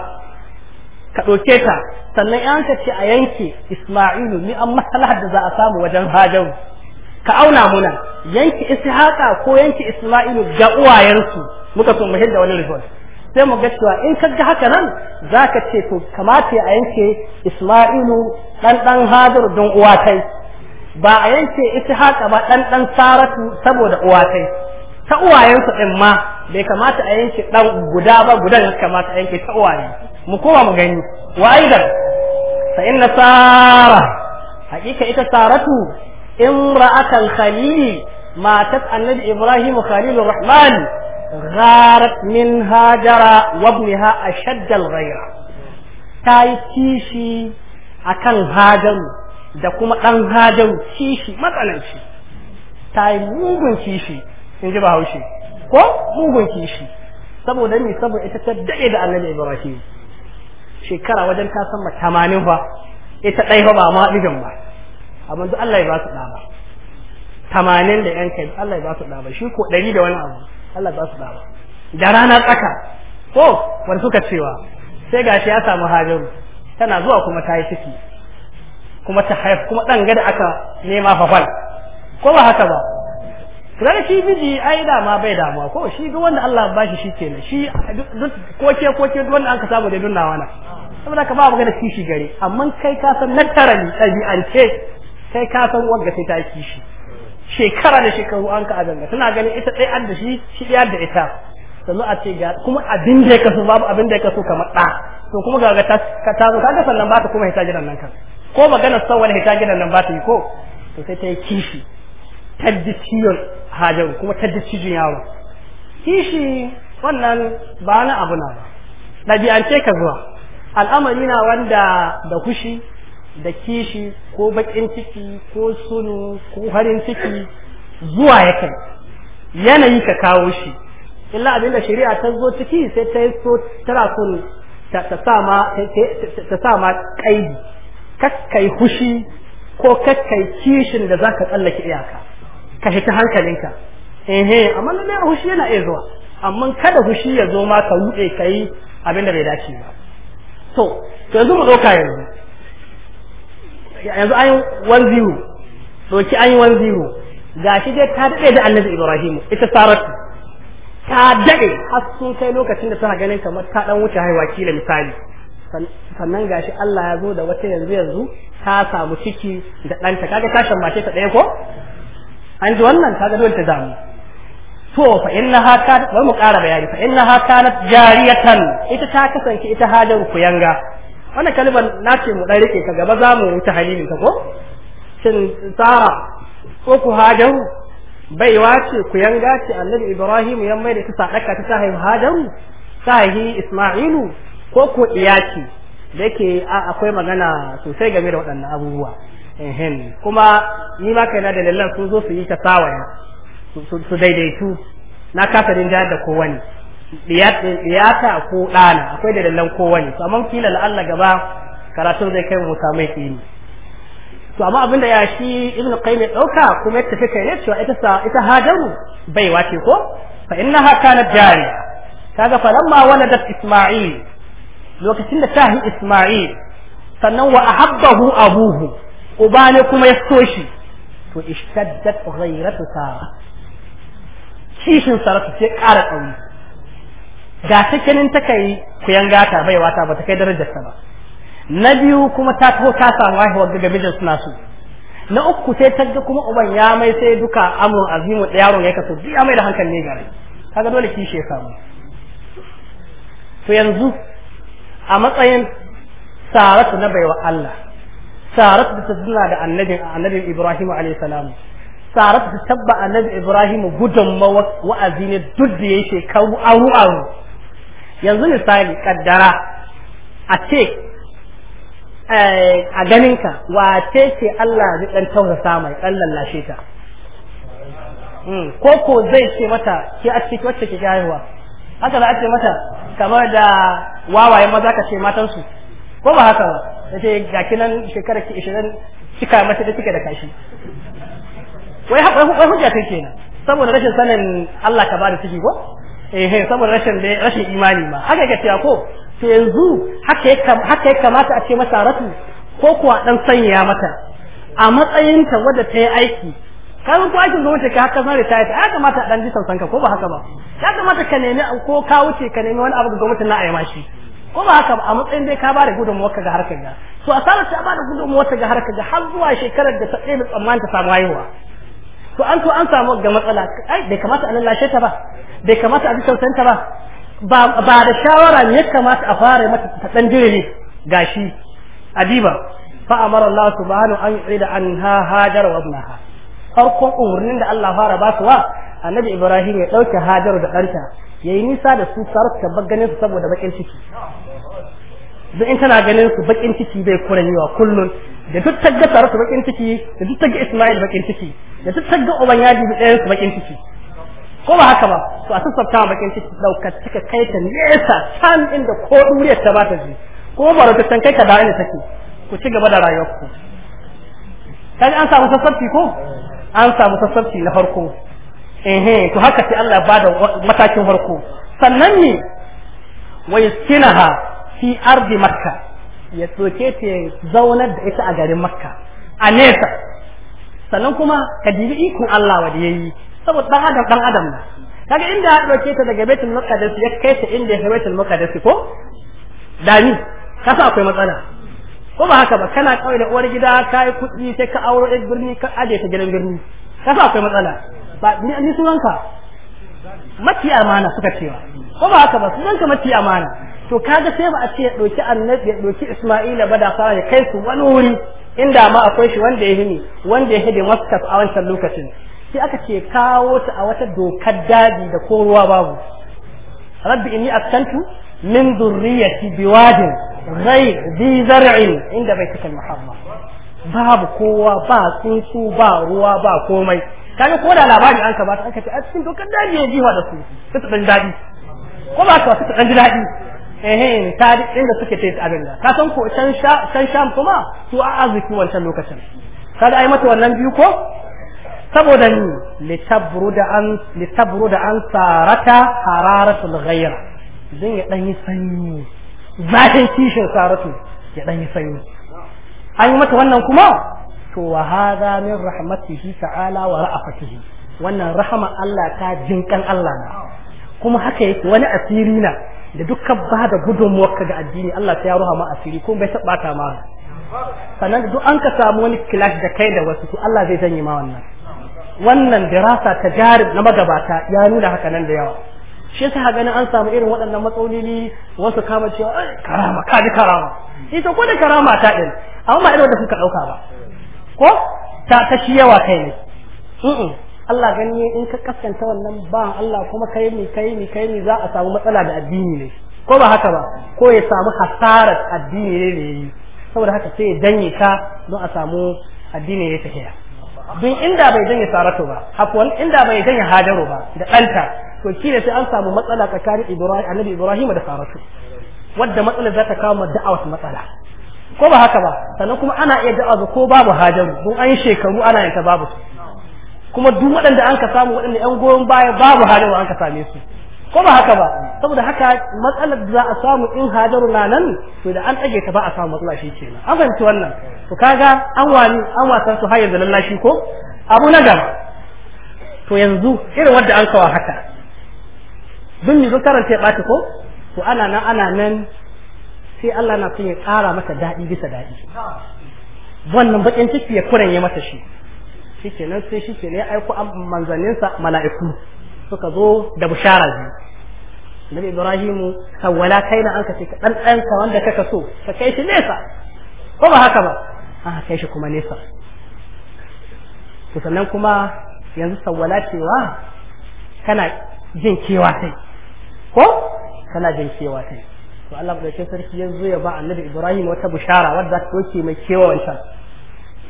ka ɗauke ta sannan in an ka ce a yanki isma'ilu ni an maslaha da za a samu wajen hajaru ka auna muna yanki ishaqa ko yanki isma'ilu ga uwayensu muka so mu hidda wani result sai mu ga cewa in ka ga haka nan za ka ce to kamata a yanke isma'ilu ɗan ɗan hajar don uwa kai ba a yanke ita haka ba ɗan ɗan saratu saboda uwa kai ta uwayensu ɗin ma bai kamata a yanke ɗan guda ba gudan kamata a yanke ta uwaye mu koma mu gani wa aidan fa inna sara hakika ita saratu imra'atan khalil matat annabi ibrahim khalilur rahman gharat min hajara wa ibnaha ashadd al-ghayra ta yi kishi akan hajaru da kuma ɗan hajar kishi matsananci ta yi mugun kishi in ji bahaushe ko mugun kishi saboda ni saboda ita ta daɗe da annabi ibrahim shekara wajen ta sama tamanin fa ita ɗai fa ba ma ɗigan ba amma duk Allah ya ba su ɗa ba tamanin da yan kai Allah ya ba su ɗa ba shi ko ɗari da wani abu Allah ba su dama da rana tsaka ko wani suka cewa sai gashi ya samu hajaru tana zuwa kuma ta yi ciki kuma ta haifu kuma ɗan gada aka nema fafal ko ba haka ba kuma shi miji ai dama bai damuwa ko shi duk wanda Allah ba shi shikenan shi ko ke ko ke duk wanda an ka samu da dunna wana saboda ka ba magana kishi gare amma kai ka san nan tarani ɗabi'ance kai ka san wanda sai ta kishi shekara da shekaru an ka azanga tana ganin ita ɗaya an da shi shi ɗaya da ita sannan a ce ga kuma abin da ya kaso babu abin da ya kaso kamar ɗa to kuma ga ta ta zo kaga sannan ba ta kuma hita gidan nan kan ko magana san wani hita gidan nan ba ta yi ko to sai ta yi kishi ta ji ciwon hajar kuma ta ji cijin yawo kishi wannan ba na abu na ba ɗabi'ance ka zuwa al'amari na wanda da kushi da kishi ko bakin ciki ko sunu ko harin ciki zuwa ya kai yanayi ka kawo shi illa abinda shari'a ta zo ciki sai ta so tana sun ta sa ma kaidi kakkai hushi ko kakkai kishin da zaka tsallake iyaka ka hita hankalinka eh amma lalle hushi yana iya zuwa amma kada hushi ya zo ma ka rude kai abinda bai dace ba to yanzu mu ɗauka yanzu yanzu an yi one zero doki an yi one zero gashi dai ta daɗe da annabi ibrahim ita saratu ta daɗe har sun kai lokacin da tana ganin kamar ta ɗan wuce haihuwa kila misali sannan gashi Allah ya zo da wata yanzu yanzu ta samu ciki da ɗanta kaga ta shambace ta ɗaya ko an ji wannan kaga dole ta damu to fa inna ha ka bari mu ƙara bayani fa inna ha kanat jariyatan ita ta kasance ita hajar kuyanga wannan kalmar na ce mu dan rike ka gaba za mu wuce halilin ka ko shin tsara ko ku hajaru Bai wace ku yanga ce annabi ibrahim ya mai da ta sadaka ta ta hajaru ta isma'ilu ko ku iyaki da yake akwai magana sosai game da waɗannan abubuwa kuma ni ma kaina da lallan sun zo su yi ta tsawaya su daidaitu na kasa rinjayar da kowane diyata ko ɗana akwai da lallan kowani to amma kila la'alla gaba karatun zai kai mu samu ilimi. to amma abinda ya shi ibnu qayyim ya dauka kuma ya tafi kai ne cewa ita sa ita hajaru bai wace ko fa innaha kanat jari kaga fa lamma waladat isma'il lokacin da tahi isma'il sannan wa ahabbahu abuhu uba ne kuma ya so shi to ishtaddat ghayratuka sara kishin saratu sai ƙara tsauni ga ta kenan ta kai kuyan gata bai wata ba ta kai darajar ta ba na biyu kuma ta taho ta samu haihuwar ga mijin suna su na uku sai ta ga kuma uban ya mai sai duka amurin azimu da yaron ya kaso ya mai da hankali ne gare kaga dole kishi ya samu to yanzu a matsayin saratu na baiwa Allah saratu da ta da annabin annabin Ibrahim alayhi salam saratu ta tabba annabi Ibrahim gudun wa'azi ne duk da yake kawo aru aru yanzu misali kaddara a ce eh, a ganinka wace ce Allah zai dan taurasa mai dan lallashe ta hmm, ko ko zai ce mata ke a ciki wacce ke haihuwa haka za a ce mata kamar da wawaye maza ka ce matansu ko ba haka ba ta ce ga kinan shekarar ki mace da cika da kashi wai hujja kai kenan saboda rashin sanin Allah ka ba da ciki ko eh saboda rashin rashin imani ma haka yake cewa ko to yanzu haka ya haka ya kamata a ce masa ratu ko kuwa dan sanya mata a matsayin ta wadda ta yi aiki ka ko aikin gwamnati ka haka zan ritaya ta ya kamata a dan ji sansan ko ba haka ba ya kamata ka nemi ko ka wuce ka nemi wani abu da gwamnati na ayyama shi ko ba haka ba a matsayin dai ka ba da gudunmuwar ka ga harkar ga to asarar ta ba da gudunmuwar ta ga harkar ga har zuwa shekarar da ta tsaye da tsammanin ta samu haihuwa to an to an samu ga matsala ai bai kamata a lallashe ta ba bai kamata a ji ba ba da shawara ne ya kamata a fara mata ta dan jire gashi adiba fa amara Allah subhanahu an an ha hajar wa ibnaha farkon umurnin da Allah fara ba su wa annabi Ibrahim ya dauke hajar da ɗanta yayi nisa da su Saratu ta ganin su saboda bakin ciki duk in tana ganin su bakin ciki bai kuranyewa kullun da duk tagga tare su bakin ciki da duk tagga Ismail bakin ciki da duk tagga uban yaji da ɗayan su bakin ciki ko ba haka ba to a sassafta bakin ciki dauka cika kai ta nesa can inda ko duriyar ta ba ta ji ko ba ta san kai ka da inda take ku ci gaba da ku kaga an samu sassafci ko an samu sassafci na farko eh eh to haka sai Allah ba da matakin farko sannan ne wa yaskinaha fi ardi makkah ya soke ta ya zaunar da ita a garin makka a nesa sannan kuma ka dibi ikon Allah wa da ya yi saboda ɗan adam ɗan adam na kaga inda ya ɗauke ta daga baitul maqdis ya kai ta inda ya baitul maqdis ko dani kasa akwai matsala ko ba haka ba kana kawai da uwar gida kai kuɗi sai ka auro ɗan birni ka aje ta gidan birni kasa akwai matsala ba ni ni sunanka mati amana suka cewa ko ba haka ba sunanka mati amana to kaga sai ba a ce ya ɗauki annabi ya ɗauki isma'ila ba da fara ya kai su wani wuri inda ma akwai shi wanda ya hini wanda ya hidi maskaf a wancan lokacin sai aka ce kawo ta a wata dokar daji da ko ruwa babu rabbi inni askantu min dhurriyyati biwadin ghayr bi zar'in inda baitika al Muhammad. babu kowa ba tsuntsu ba ruwa ba komai kaga ko da labari an ka bata an ka ce a cikin dokar daji ya jiwa da su su dan dadi ko ba ta su dan dadi eh tari inda suke tayi abin da ka san ko can sham kuma su a arziki wancan lokacin kada ai mata wannan biyu ko saboda ni litabruda an da an sarata hararatul ghayra zan ya dan yi sanyi zafin kishin saratu ya dan yi sanyi an yi mata wannan kuma to wa hadha min rahmatihi ta'ala wa ra'afatihi wannan rahama Allah ta jinkan Allah na kuma haka yake wani asiri na da dukkan ba da gudunmuwarka ga addini Allah ta ya ma asiri ko bai taɓa ta ma sannan duk an ka samu wani clash da kai da wasu to Allah zai janye ma wannan wannan dirasa ta jarib na magabata ya nuna haka nan da yawa shi yasa ganin an samu irin waɗannan matsaloli wasu kama cewa karama ka ji karama ita ko da karama ta din amma ba irin da kuka ɗauka ba ko ta ta yawa kai ne Allah gani in ka kaskanta wannan ba Allah kuma kai ni kai ni kai ni za a samu matsala da addini ne ko ba haka ba ko ya samu hasarar addini ne ne yi saboda haka sai ya janye ka don a samu addini ya tafiya don inda bai janye saratu ba afwan inda bai janye hajaru ba da ɗanta to kila sai an samu matsala tsakanin Ibrahim annabi Ibrahim da saratu wadda matsala za ta kawo da'awar matsala ko ba haka ba sannan kuma ana iya da'awa ko babu hajaru don an shekaru ana yin ta babu su kuma duk waɗanda an ka samu waɗanda yan goyon baya babu halin an ka same su ko ba haka ba saboda haka matsalar da za a samu in hajaru na nan to da an ɗage ta ba a samu matsala shi kenan an fahimci wannan to kaga an wani an wasan su har yanzu lallashi ko abu na gaba to yanzu irin wanda an kawa haka dun mi karanta ya ko to ana nan ana nan sai Allah na son ya ƙara mata daɗi bisa daɗi wannan baƙin ciki ya kuren ya mata shi shikenan sai shikenan ya aiko manzanninsa mala'iku suka zo da bushara biyu Nabi Ibrahimu sawwala kaina an ka ce ka dan ka wanda kaka so ka kai shi nesa ko ba haka ba a kai shi kuma nesa to sannan kuma yanzu sawwala cewa kana jin kewa sai ko kana jin kewa sai to Allah da ke sarki yanzu ya ba Annabi Ibrahim wata bushara wadda ta mai kewa wancan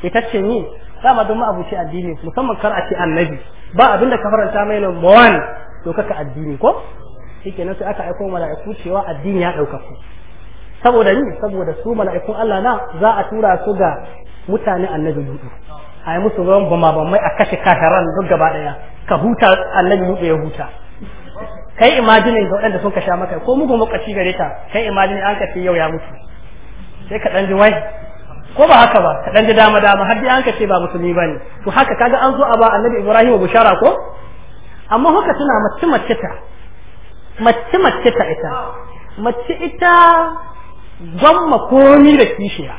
ita ce ni dama don abuci addini musamman kar a ce annabi ba abin da ka faranta mai nan mawan to kaka addini ko shikenan sai aka aiko mala'iku cewa addini ya dauka ku saboda ni saboda su mala'iku Allah na za a tura su ga mutane annabi dudu a yi musu ruwan bama bamai a kashe kafiran duk gaba daya ka huta annabi dudu ya huta kai imajinin ga waɗanda sun kasha maka ko mugun makaci gare ta kai imajinin an kace yau ya mutu sai ka dan ji wai ko ba haka ba ka dan ji dama dama har dai an ka ce ba musulmi ba ne, to haka kaga an zo a ba annabi ibrahim bushara ko amma haka tana mace mace ta mace mace ta ita mace ita gwamma komi da kishiya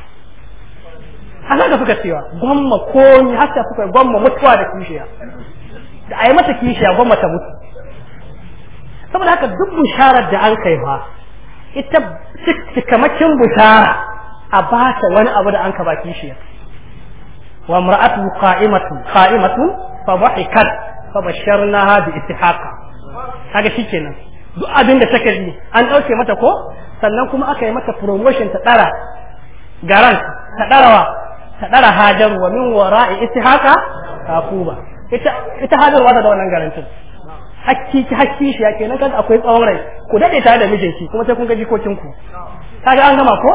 haka da suka cewa gwamma komi haka suka gwamma mutuwa da kishiya da a yi mata kishiya gwamma ta mutu saboda haka duk bisharar da an kai ba ita cikamakin bishara a ba ta wani abu da an ka baki shi wa mar'atu qa'imatun qa'imatun fa bahikat fa basharnaha bi ishaqa kaga shikenan duk abin da take yi an dauke mata ko sannan kuma aka yi mata promotion ta dara garan ta darawa ta dara hajar wa min wara'i ishaqa kafuba ita ita hajarwa da wannan tun hakki ki hakki shi yake nan kaga akwai tsawon rai ku dade tare da mijinki kuma sai kun ga jikokin ku kaga an gama ko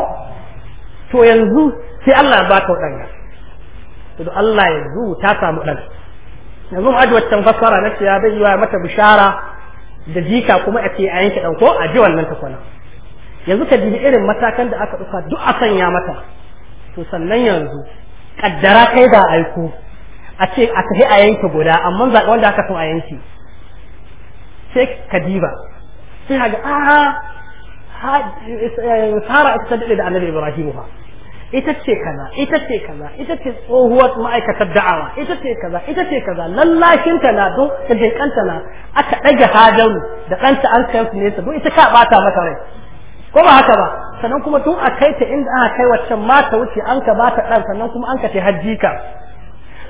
to yanzu sai Allah ya bata wadanga to Allah yanzu ta samu dan yanzu aji waccan fassara na ce ya bai yiwa mata bishara da jika kuma a ce a yanke ɗan ko a ji wannan ta kwana yanzu ka dibi irin matakan da aka ɗauka duk a sanya mata to sannan yanzu kaddara kai da aiko a ce a tafi a yanke guda amma zaɓi wanda aka so a yanke sai ka diba sai ga a fara eh, eh, ita da annabi Ibrahim ba ita ce kaza ita ce kaza ita ce tsohuwar ma'aikatar da'awa ita ce kaza ita ce kaza lallashin ta na don ta dinkanta na aka ɗage hajaru da ɗanta an kai su nesa don ita ka bata mata rai ko ba haka ba sannan kuma tun a kai ta inda aka kai waccan mata wuce an ka bata ɗan sannan kuma an ka ce hajjika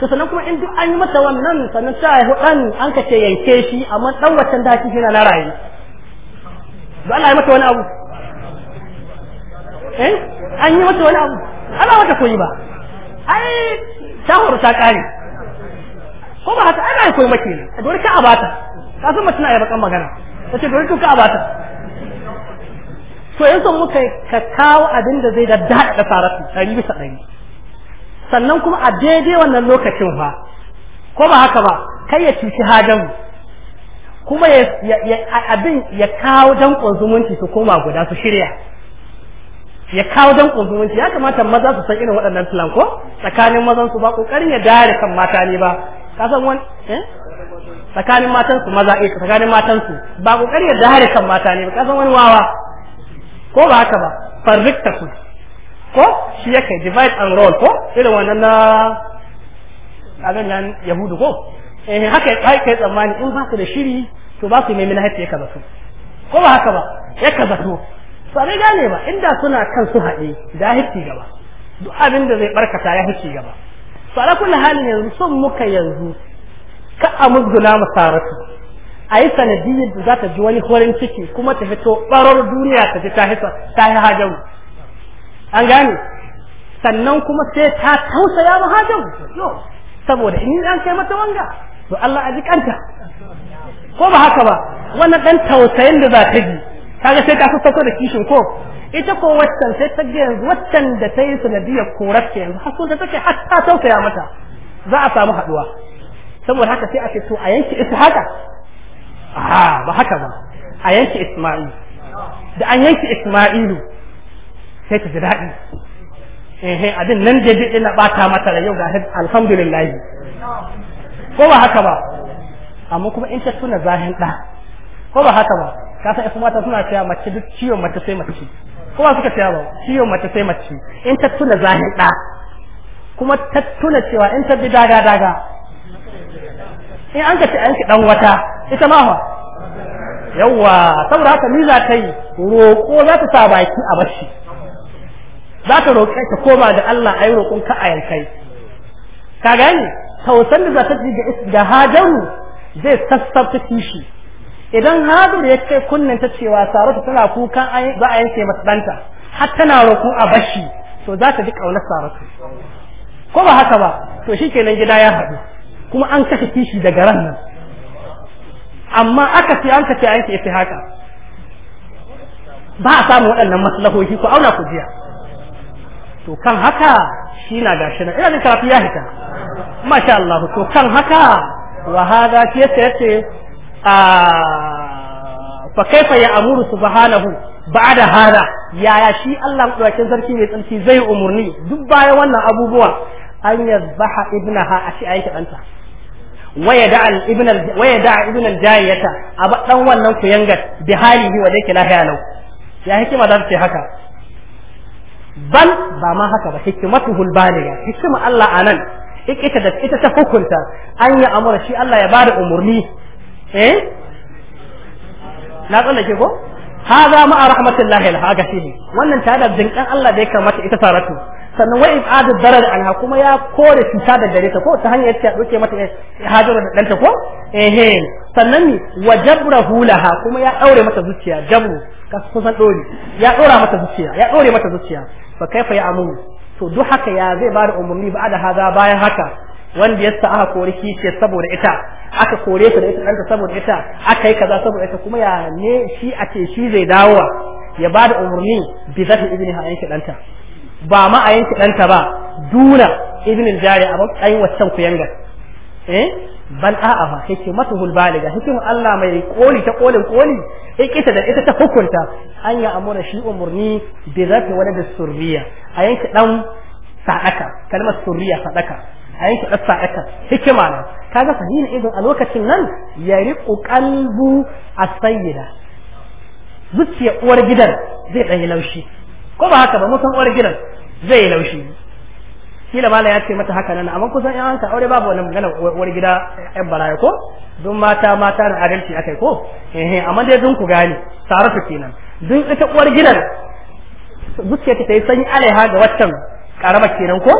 to sannan kuma in duk an yi mata wannan sannan ta haihu ɗan an ka ce yanke shi amma ɗan waccan da shi na rayu ba Allah ya mata wani abu eh an yi mata wani abu ana wata koyi ba ai shahuru ta kare ko ba haka ana koyi maki ne a dole ka abata ka san mutum ya bakan kan magana tace dole ka abata to yanzu muka ka kawo abin da zai da daɗa da saratu dari bisa dari sannan kuma a daidai wannan lokacin fa ko ba haka ba kai ya cuci hadan kuma ya abin ya kawo danƙon zumunci su koma guda su shirya ya kawo dan zumunci ya kamata maza su san irin waɗannan filan ko tsakanin mazan su ba kokarin ya dare kan mata ne ba ka san wani eh tsakanin matan su maza eh tsakanin matan su ba kokarin ya dare kan mata ne ba ka san wani wawa ko ba haka ba farrikta su ko shi yake divide and roll ko irin wannan na abin nan yahudu ko eh haka kai tsammani in ba su da shiri to ba su mai mina haifi ya kaza su ko ba haka ba ya kaza su ba bai gane ba inda suna kan su haɗe da hicci gaba duk abin da zai barkata ya hicci gaba fara kullu halin yanzu son muka yanzu ka a musguna masaratu a yi sanadiyyar da za ta ji wani horin ciki kuma ta fito barar duniya ta ji ta yi hajjabu an gane sannan kuma sai ta tausaya ma hajjabu saboda in an kai mata wanga to Allah a ji kanta ko ba haka ba wannan ɗan tausayin da za ta ji kaga sai ka sassauto da kishin ko ita ko waccan sai ta ga yanzu waccan da ta yi sanadiyar korar ta yanzu har ta take har ta tausaya mata za a samu haduwa saboda haka sai a ce to a yanki isa haka a ba haka ba a yanki Isma'il da an yanki Isma'ilu sai ta ji daɗi eh abin nan da dai na bata mata da yau ga alhamdulillah ko ba haka ba amma kuma in ta tuna zahin da ko ba haka ba ka san isma ta suna cewa mace duk ciwon mace sai mace ko ba suka cewa ba ciwon mace sai mace in ta tuna zahir da kuma ta tuna cewa in ta bi daga daga in an ka ce an ki dan wata ita ma fa yawa saboda haka ni za ta yi roƙo za ta sa baki a bashi za ta roƙe ta koma da Allah ayi roƙon ka a yankai ka gane tausan da za ta ji da hajaru zai sassafta kishi idan hadir ya ce kunnen ta cewa saratu tana kukan za a yanke mata danta har tana roƙo a bashi to za ta ji ƙaunar saratu ko ba haka ba to shikenan gida ya haɗu kuma an kashe kishi daga ran nan amma aka ce an kace an ce haka ba a samu waɗannan maslahohi ko auna ku jiya to kan haka shi na gashi na ina da kafi ya hita masha Allah to kan haka wa hada ke yace fa kaifa ya amuru subhanahu ba'da hada yaya shi Allah madaukakin sarki mai tsarki zai umurni duk bayan wannan abubuwa an yadbaha ibnaha a shi ayyuka danta waya da ibn al waya da ibn al jayyata a dan wannan ku yanga bi halihi wa dake lahiya nau. ya hikima da ce haka bal ba ma haka ba hikimatuhu al baliga hikima Allah anan ita da ita ta hukunta an ya amura shi Allah ya bada umurni eh na tsallake ko haza lahil ha ga shi wannan ta da jinkan Allah da ya kamata ita saratu sannan wai wa adu darar anha kuma ya kore cuta da gare ta ko ta hanyar ta doke mata eh, hajara da danta ko eh sannan ni wa jabrahu laha kuma ya daure mata zuciya jabru ka kusan dore ya dora mata zuciya ya dore mata zuciya fa kaifa ya amu to duk haka ya zai ba da umarni ba da haza bayan haka wanda ya aka kore shi ce saboda ita aka kore ta da ita ɗanta saboda ita aka yi kaza saboda ita kuma ya ne shi a ce shi zai dawo ya ba da umarni bi zata ibni a yanki ɗanta ba ma a yanki ɗanta ba duna izinin jari a matsayin waccan kuyanga eh bal a'a fa kake mata hulbaliga hikimar Allah mai koli ta kolin koli ikita da ita ta hukunta an ya amura shi umarni bi zata wani da surriya a yanki ɗan sadaka kalmar surriya sadaka a yanki ɗassa ɗaka hikima na kaga fahina idan a lokacin nan ya riƙo kalbu a sayyida zuciya uwar gidan zai ɗanyi laushi ko ba haka ba musan uwar gidan zai yi laushi kila mala ya ce mata haka nan amma kusan yan anka aure babu wannan magana uwar gida yan baraye ko don mata mata na adalci akai ko eh amma dai dun ku gane sarrafa kenan dun ita uwar gidan zuciya ta yi sanyi alaiha ga waccan karama kenan ko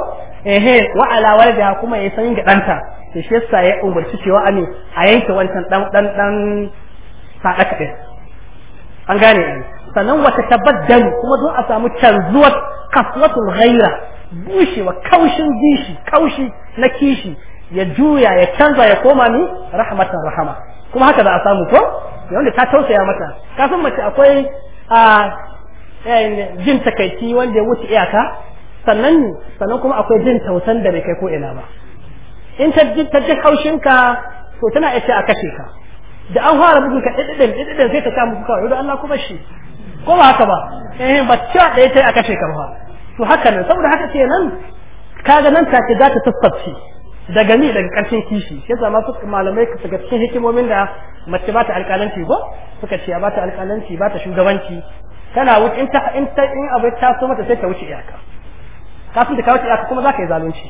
ehe wa ala waladiha kuma ya san ga danta to shi yasa ya umarci cewa ame a yanke wancan dan dan dan sadaka din an gane ne sannan wata tabaddalu kuma zo a samu canzuwar kaswatul ghaira bushewa kaushin dishi kaushi na kishi ya juya ya canza ya koma ni rahmatan rahama kuma haka za a samu ko wanda ta tausaya mata kafin mace akwai a eh, jin takaici wanda ya wuce iyaka sannan sannan kuma akwai jin tausan da bai kai ko ina ba in ta ji ta ji haushin ka to tana ita a kashe ka da an fara bugun ka dididin dididin sai ta kama kawai da Allah kuma shi ko ba haka ba eh ba ta da ita a kashe ka ba to haka ne saboda haka ce nan kaga nan ta take za ta tsafface daga ni daga karshen kishi sai zama su malamai ka daga cikin hikimomin da mace ba ta alƙalanci ko suka ce ba ta alƙalanci ba ta shugabanci tana wuce in ta in ta in abu ta so mata sai ta wuce iyaka kafin da kawace aka kuma zaka yi zalunci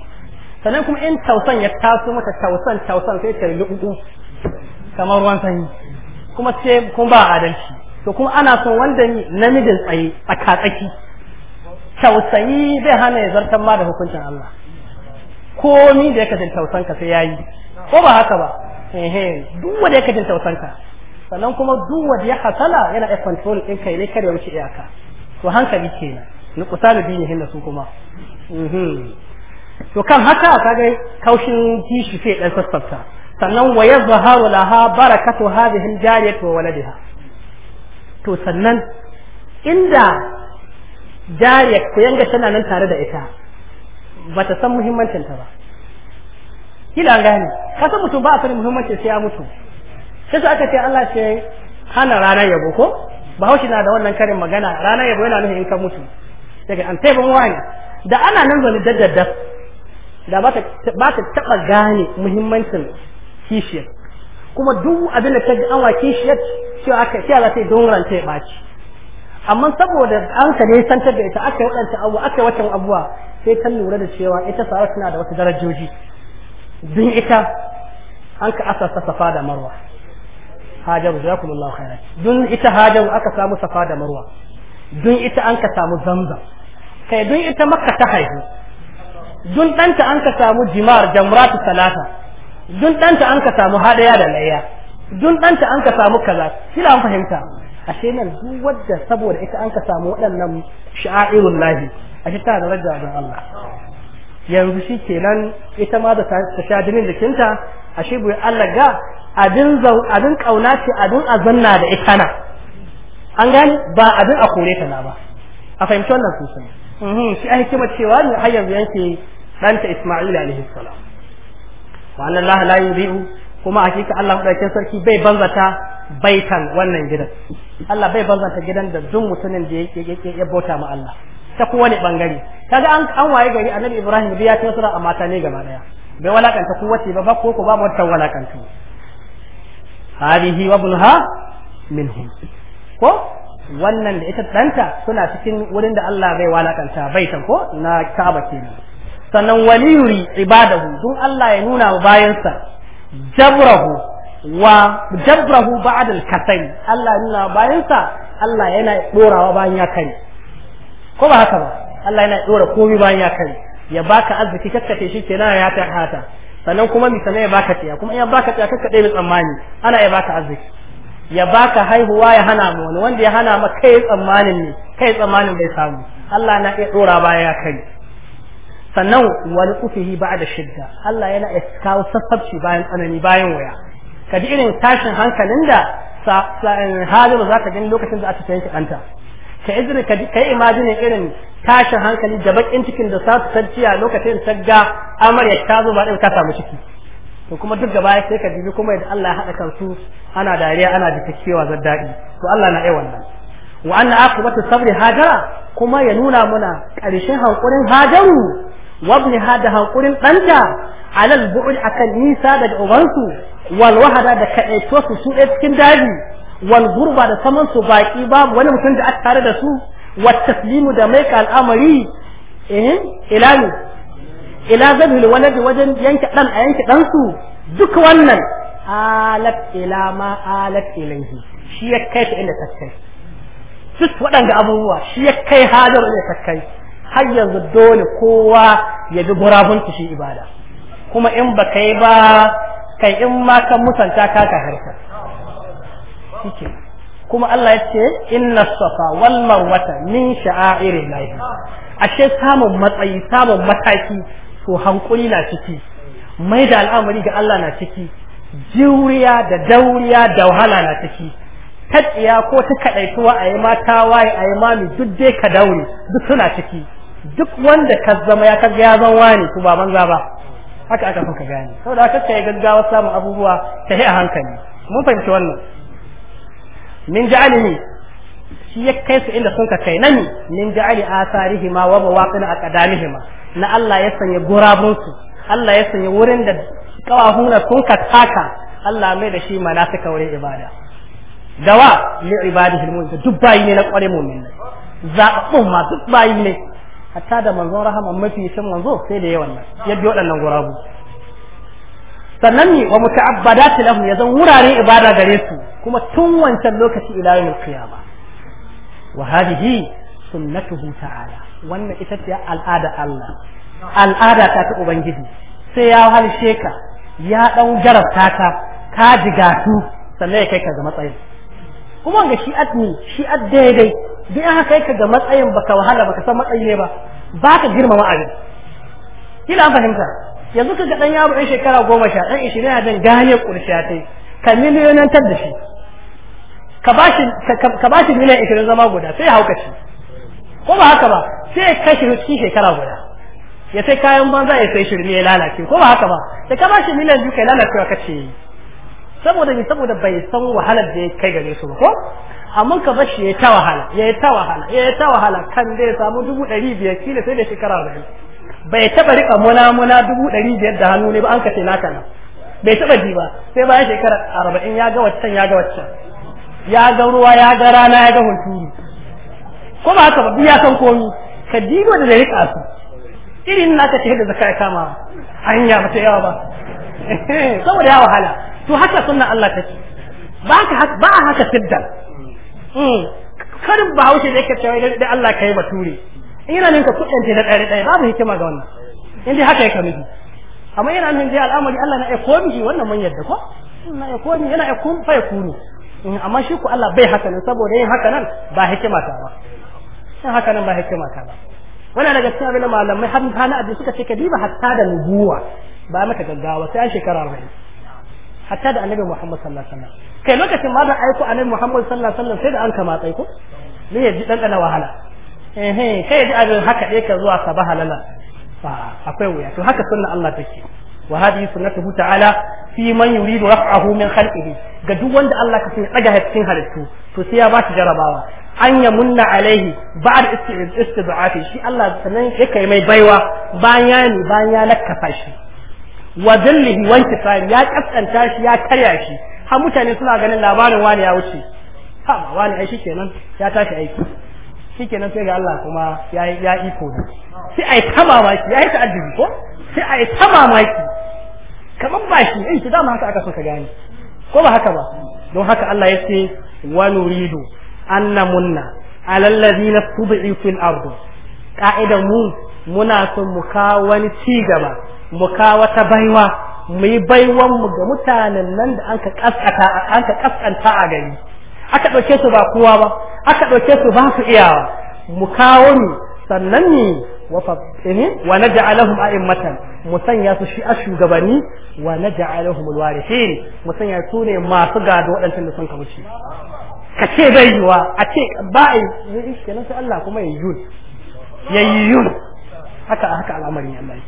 sannan kuma in tausan ya taso mata tausan tausan sai ta lubu kamar ruwan sanyi kuma sai kun ba adalci to kuma ana son wanda namijin tsaye a katsaki tausayi zai hana ya zartar ma da hukuncin Allah komi da yake jin tausan ka sai yayi ko ba haka ba eh duk wanda yake jin tausan ka sannan kuma duk wanda ya hasala yana da control din kai ne kada ya wuce iyaka to hankali kenan da dinihin su kuma mhm. to kan haka gai kaushin kishi sai dan sassafta sannan wa yazharu laha barakatu hadhihi al wa waladiha to sannan inda jariyar ku yanga tana nan tare da ita ba ta san muhimmancin ta ba kila gani kasa mutum ba a san muhimmancin sai ya mutu sai aka ce Allah ce hana ranar yabo ko bahaushe na da wannan karin magana ranar yabo yana nufin in ka mutu daga an taiban wani da ana nan zane daddada da ba ta taɓa gane muhimmancin kishiyar kuma duk abin da ta ga anwa kishiyar shi aka sai ta don ranta ya ɓaci amma saboda an ka ne santar da ita aka yi waɗanta aka yi watan abuwa sai ta lura da cewa ita sara tana da wasu darajoji dun ita an ka ta safa da marwa hajaru jazakumullahu khairan dun ita hajaru aka samu safa da marwa dun ita an ka samu zamzam kai don ita makka ta haihu dun ɗanta an ka samu jimar jamratu salata dun ɗanta an ka samu hadaya da layya dun ɗanta an ka samu kaza shi an fahimta ashe nan duk wadda saboda ita an ka samu waɗannan sha'airun lahi ashe ta da rajja don Allah yanzu shi kenan ita ma da ta sha jinin jikinta ashe bai Allah ga abin zau abin kauna ce abin azanna da ita na an gani ba abin a kore ta na ba a fahimci wannan sosai Mhm, shi a hikima cewa ne har yanzu yanke ɗanta Isma'il alaihi salam wa anna Allah la yuriu kuma hakika Allah madaukakin sarki bai banzata baitan wannan gidan Allah bai banzata gidan da duk mutumin da yake ya bauta ma Allah ta kowane bangare kaga an an waye gari Annabi Ibrahim bai ya ci nasara a mata ne gaba daya bai walakanta kowace ba ba ko ko ba mu ta walakanta hadihi wa bunha minhum ko wannan da ita danta suna cikin wurin da Allah bai walakanta baitan ko na Kaaba kenan sannan waliyuri ibadahu dun Allah ya nuna wa bayansa jabrahu wa jabrahu ba'd al-kasai Allah ya nuna bayansa Allah yana dorawa bayan ya kai ko ba haka ba Allah yana dora komai bayan ya kai ya baka arziki kakkace shi kenan ya ta hata sannan kuma misalai ya baka tiya kuma in ya baka tiya kakkace mai tsammani ana ya baka arziki ya baka haihuwa ya hana mu wani wanda ya hana ma kai tsammanin ne kai tsammanin bai samu Allah na iya dora baya ya kai sannan wani kufihi ba da shidda Allah yana iya kawo sassabci bayan tsanani bayan waya ka ji irin tashin hankalin da eh, halin za ka gani lokacin da aka yanke ɗanta ka izini ka yi imajinin irin tashin hankali da bakin cikin da sa su lokacin ta ga amarya ta zo ba ɗin ka samu ciki to kuma duk gaba sai ka dubi kuma yadda Allah ya haɗa kansu ana dariya ana bitakewa zan daɗi to Allah na yi wannan wa anna aqibatu sabri hajara kuma ya nuna muna ƙarshen hankurin hajaru wa ibn hada hankurin ɗanta alal bu'd akan nisa daga ubansu wal wahada da kaɗaito su su ɗaya cikin daji wal gurba da saman su baƙi babu wani mutum da aka tare da su wa taslimu da mai al'amari eh ilani ila zabhil walad wajen yanke dan a yanke dan su duk wannan alat ila ma alat ilaihi shi ya kai ta inda takkai duk waɗanda abubuwa shi ya kai hajar ne takkai har yanzu dole kowa ya bi gurabun shi ibada kuma in ba kai ba kai in ma kan musanta ka ka harka shike kuma Allah ya ce inna safa wal marwata min sha'airillahi ashe samun matsayi samun mataki to hankuli na ciki mai da al'amari ga Allah na ciki juriya da dauriya da wahala na ciki Tad'iya ko ta kadaituwa a yi ma tawaye a yi ma duk dai ka daure duk suna ciki duk wanda ka zama ya kaga ya zan wani to ba banza ba haka aka son gani saboda haka kai gaggawa samun abubuwa ta a hankali mun fahimci wannan min ja'alihi shi ya kai su inda sun ka kai nan min ja'ali asarihima wa mawaqina aqdamihima na Allah ya sanya gurabunsu Allah ya sanya wurin da kawahuna sun ka taka Allah mai da shi suka wurin ibada dawa li ibadihi da duk bayi ne na kware mu'min zababbun ma duk bayi ne hatta da manzon rahama mafi san manzo sai da yawan nan yadda waɗannan gurabu sannan ni wa muta'abbadat lahum zan wuraren ibada gare su kuma tun wancan lokaci ila yawmil qiyamah wa hadhihi sunnatuhu ta'ala wannan ita ce al'ada Allah al'ada ta ta ubangiji sai ya halshe ka ya dan jarabta ka ka gatu sannan ya kai ka ga matsayin kuma ga shi adni shi daidai duk an kai ka ga matsayin baka wahala baka san matsayi ne ba baka girmama abin kina fahimta yanzu ka ga dan yaro ɗan shekara goma sha ɗan ishirin a dan gane kurshiyatai ka miliyonan da shi ka shi miliyan ishirin zama guda sai ya haukaci ko ba haka ba sai ya kashi cikin shekara guda ya sai kayan banza ya sai shirme ya lalace ko ba haka ba da ka bashi miliyan biyu kai lalacewa ka ce saboda ni saboda bai san wahalar da ya kai gare su ba ko amma ka bashi ya ta wahala ya ta wahala ya ta wahala kan da ya samu dubu ɗari biyar kila sai da shekara guda bai taɓa rika muna muna dubu ɗari biyar da hannu ne ba an ka ce naka nan bai taɓa ji ba sai bayan shekara arba'in ya ga waccan ya ga waccan ya ga ruwa ya ga rana ya ga hunturu ko ba haka ba biya san komi ka diba da rika su irin n'a naka ce da zakaya kama hanya ba ta yawa ba *laughs* saboda ya wahala to haka sunna Allah ce ba haka ba haka siddan hmm. kar ba wuce da yake cewa idan Allah kai bature ina ka kudin da dare dare babu hikima ga wannan inda haka yake nufi amma yana nan dai al'amari Allah na aiko miji wannan mun yadda ko na ya komi yana aiko fa yakunu hmm, amma shi ku Allah bai haka ne saboda yin haka nan ba hikima ta ba shin haka nan ba hikima ta ba wannan daga cikin abin malamai har kana abin suka ce kadiba hatta da nubuwa ba mata gaggawa sai shekara 40 hatta da annabi Muhammad sallallahu alaihi wasallam kai lokacin ma da aiko annabi Muhammad sallallahu alaihi wasallam sai da an kamata aiko ne ya ji dan wahala eh eh kai ji abin haka dai ka zuwa sabaha lana fa akwai wuya to haka sunna Allah take wa hadhihi sunnatuhu ta'ala fi man yuridu raf'ahu min khalqihi ga duk wanda Allah ka sanya daga cikin halittu to sai ya ba shi jarabawa an ya munna alaihi da istid'afi shi Allah sanan ya kai mai baiwa bayan ya bayan ya lakkafa shi wa lihi wa intifari ya kaskanta shi ya karya shi Ha mutane suna ganin labarin wani ya wuce ha ba wani ai shikenan ya tashi aiki shikenan sai ga Allah kuma ya ya iko ne sai ai ta mamaki yi ta addubi ko sai ai ta mamaki kaman ba shi in eh, shi dama haka aka so ka gane ko ba haka ba don haka Allah ya ce wa nuridu annamunna alal ladina na fil ard ka'idan mu muna son mu kawo wani ci gaba mu kawo wata baiwa mu yi baiwan mu ga mutanen nan da anka kaskanta a gari aka dauke su ba kowa ba aka dauke su ba su iyawa mu kawo ni sannan ni وفطني ونجعلهم أئمة مسنيا سشي أشوغباني ونجعلهم الوارثين مسنيا masu gado سقاد da sun سنكوشي ka ce zai yiwa a ce ba a yi kenan sai Allah kuma ya yi yun ya yi yun haka haka al'amarin Allah yake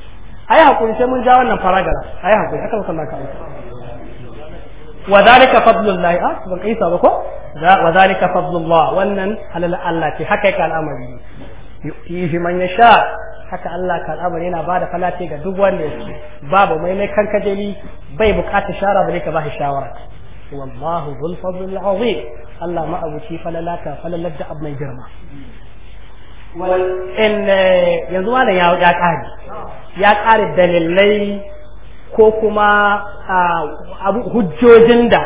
a yi haƙuri sai mun ja wannan faragara a yi haƙuri haka musamman ka aiki wa zalika fadlun lahi a ah, ban kai ba ko wa zalika fadlun lahi wannan halal Allah ce haka yake al'amari yu'tihi man sha haka Allah ka al'amari yana bada falace ga duk wanda yake babu mai mai kankajeli bai bukata shara bare ka ba shi shawara mai girma in eh, yanzu wannan ya ya kare ya kare dalilai ko kuma abu hujjojin da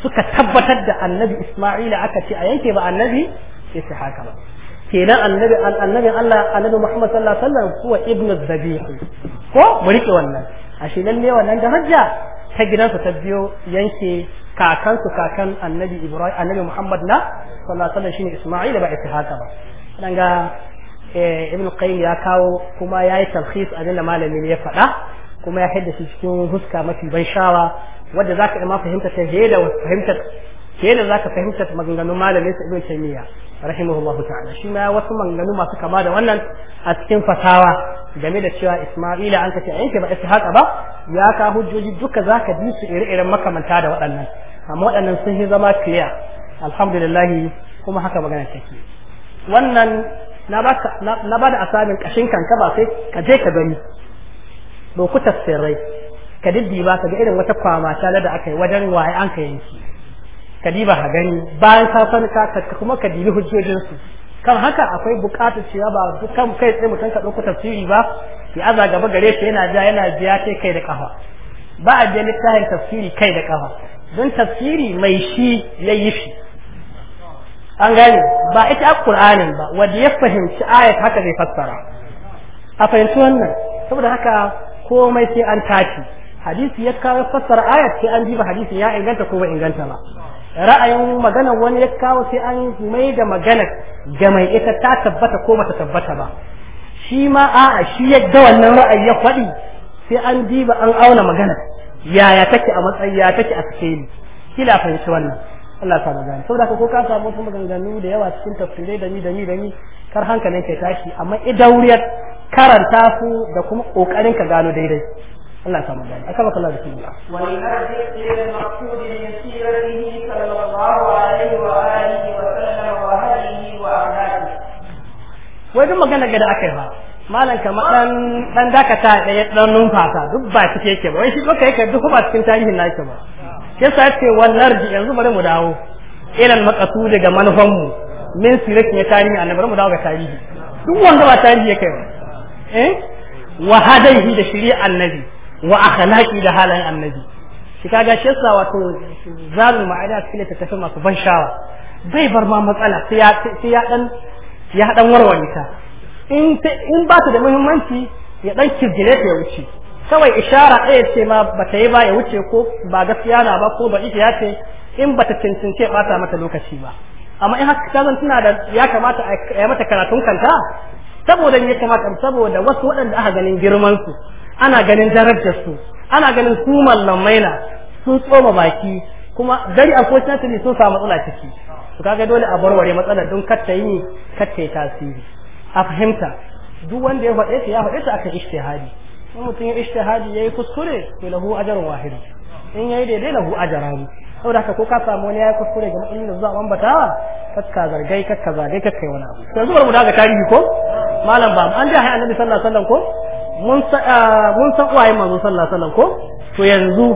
suka tabbatar da annabi Isma'ila aka ce a yanke ba annabi haka ba kenan annabi annabi Allah annabi Muhammad sallallahu alaihi wasallam kuwa ibnu zabih ko mu wannan ashe lalle wannan da hajja ta gidansa ta biyo yanke kakansu kakan annabi ibrahim annabi muhammad na sallallahu alaihi shine isma'il ba ishaqa ba dan ga eh, ibn qayyim ya kawo kuma yayi a abinda malamin ya faɗa kuma ya haddasa cikin huska mafi ban shawa wadda zaka ma fahimta ta je da fahimta ke da zaka fahimta maganganun malamin sa ibn taymiya rahimahullahu ta'ala shi ma wasu maganganu masu kama da wannan a cikin fatawa game da cewa Isma'ila an kace ayyanke ba Ishaqa ba ya ka hujjoji duka zaka bi su ire-iren makamanta da waɗannan amma waɗannan sun yi zama clear alhamdulillah kuma haka magana take wannan na baka na bada asamin kashin kanka ba sai ka je ka gani lokutan sirrai ka ba ka ga irin wata kwama ta da aka yi wajen waye an ka yanki ka diba ka gani bayan ka san ka kuma ka dibi hujjojinsu kan haka akwai bukatar cewa ba dukkan kai sai mutum ka ɗauko tafsiri ba ya aza gaba gare shi yana ja yana biya kai da kafa ba a biya littafin tafsiri kai da kafa don tafsiri mai shi ya yi shi an gane ba ita a ƙur'anin ba wanda ya fahimci ayat haka zai fassara a fahimci wannan saboda haka komai sai an tashi hadisi ya kawo fassara ayat sai an jiba hadisi ya inganta ko ba inganta ba ra'ayin magana wani ya kawo sai an mai da magana ga mai ita ta tabbata ko bata tabbata ba shi ma a'a shi ya ga wannan ra'ayi ya faɗi sai an diba an auna magana yaya take a matsayi ya take a cikin kila fahimci wannan Allah ta magana saboda ko ka samu wasu maganganu da yawa cikin tafsire da ni da ni da ni kar hankalin ka tashi amma idauriyar karanta su da kuma kokarin ka gano daidai Allah ta magana aka baka Allah bismillah wa li ardi ila maqsud yasirihi sallallahu alaihi wa alihi wa sallam wa hadihi wa ahlihi wai duk magana ga da aka yi ba malam kama dan dan dakata da ya dan numfasa duk ba cike yake ba wai shi baka yake duk ba cikin tarihin nake ba sai sa ce wannan rji yanzu bari mu dawo ilan maqasu daga manufan mu min sirati ya tarihi annabi bari mu dawo ga tarihi duk wanda ba tarihi yake ba eh wa hadaihi da shari'a annabi wa akhlaqi da halayen annabi shi kaga shi yasa wato zalul ma'ada ta tafi masu ban shawa bai bar ma matsala sai ya sai ya dan ya dan warware ta in ba ta da muhimmanci ya dan kirgire ya wuce kawai ishara ɗaya ce ma ba ta yi ba ya wuce ko ba gaskiya na ba ko ba ita ya ce in ba ta cincince ba mata lokaci ba amma in haka ta zan tuna da ya kamata a yi mata karatun kanta saboda ya kamata saboda wasu waɗanda aka ganin girmansu ana ganin darajar su ana ganin su mallamai na sun tsoma baki kuma dari kocin sun samu matsala ciki to kaga dole a barware matsalar don kar ta yi kar ta yi tasiri a fahimta duk wanda ya faɗe ta ya faɗe ta akan ijtihadi in mutum ya ijtihadi yayi kuskure to lahu ajrun wahid in yayi daidai lahu ajran saboda haka ko ka samu wani yayi kuskure ga matsalolin da zuwa a ambata kakka zargai kakka zagai kakka yi wani abu yanzu bar daga tarihi ko malam ba an ji annabi sallallahu alaihi wasallam ko mun san ah, mun san uwaye manzo sallallahu alaihi wasallam ko to yanzu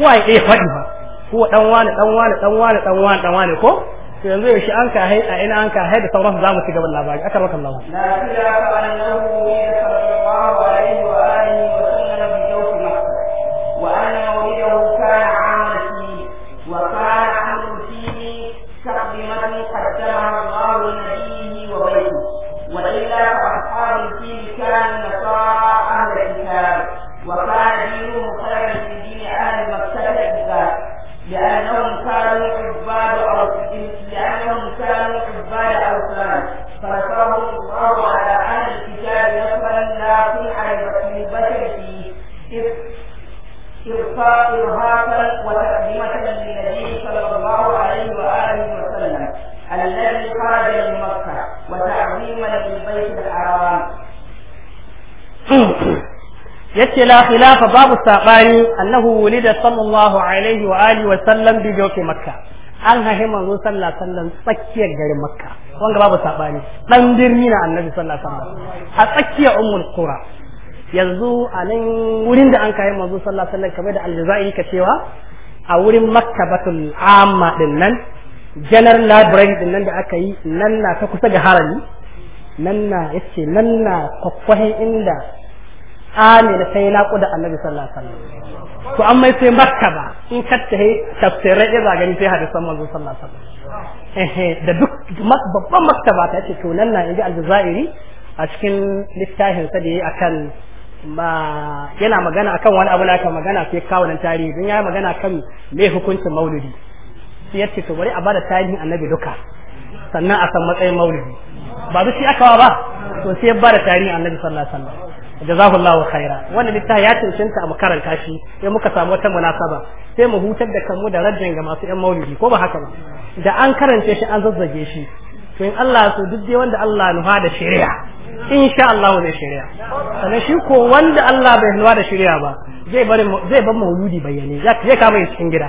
uwaye ɗaya faɗi ba ko dan wani dan wani dan wani dan wani dan wani ko to yanzu yaushe an ka hai a ina an ka hai da sauransu za mu ci gaban labari akar wakan lawa lafiya fa annahu sallallahu alaihi yace la khilafa babu sabani annahu wulida sallallahu alaihi wa alihi wa sallam bi joke makka an haihi manzo sallallahu sallam tsakiyar garin makka wanga babu sabani dan birni na annabi sallallahu sallam a tsakiyar ummul qura yanzu a nan wurin da an kai manzo sallallahu sallam kamar da aljazairi ka cewa a wurin maktabatul amma din nan general library din nan da aka yi nan na ta kusa ga harami nan na yace nan na kwakwahin inda amina sai laƙo da annabi sallallahu alaihi wasallam to an mai sai makka ba in ka he tafsirai iza gani sai hadisan manzo sallallahu alaihi wasallam da duk babban maktaba ta ce to nan na inji aljazairi a cikin littafin sa da yayi akan ma yana magana akan wani abu na magana sai kawo nan tarihi din yayi magana kan me hukuncin maulidi sai yace to bari a bada tarihin annabi duka sannan a san matsayin maulidi ba shi aka ba to sai ya bada tarihin annabi sallallahu alaihi wasallam jazakallahu khaira wannan littafi ya cancanta a makaranta shi sai muka samu wata munasaba sai mu hutar da kanmu da rajin ga masu yan maulidi ko ba haka ba da an karance shi an zazzage shi to in Allah so duk dai wanda Allah nuha da shari'a insha Allah zai shari'a sannan shi ko wanda Allah bai nuha da shari'a ba zai bari zai bar mauludi bayyane zai kama shi cikin gida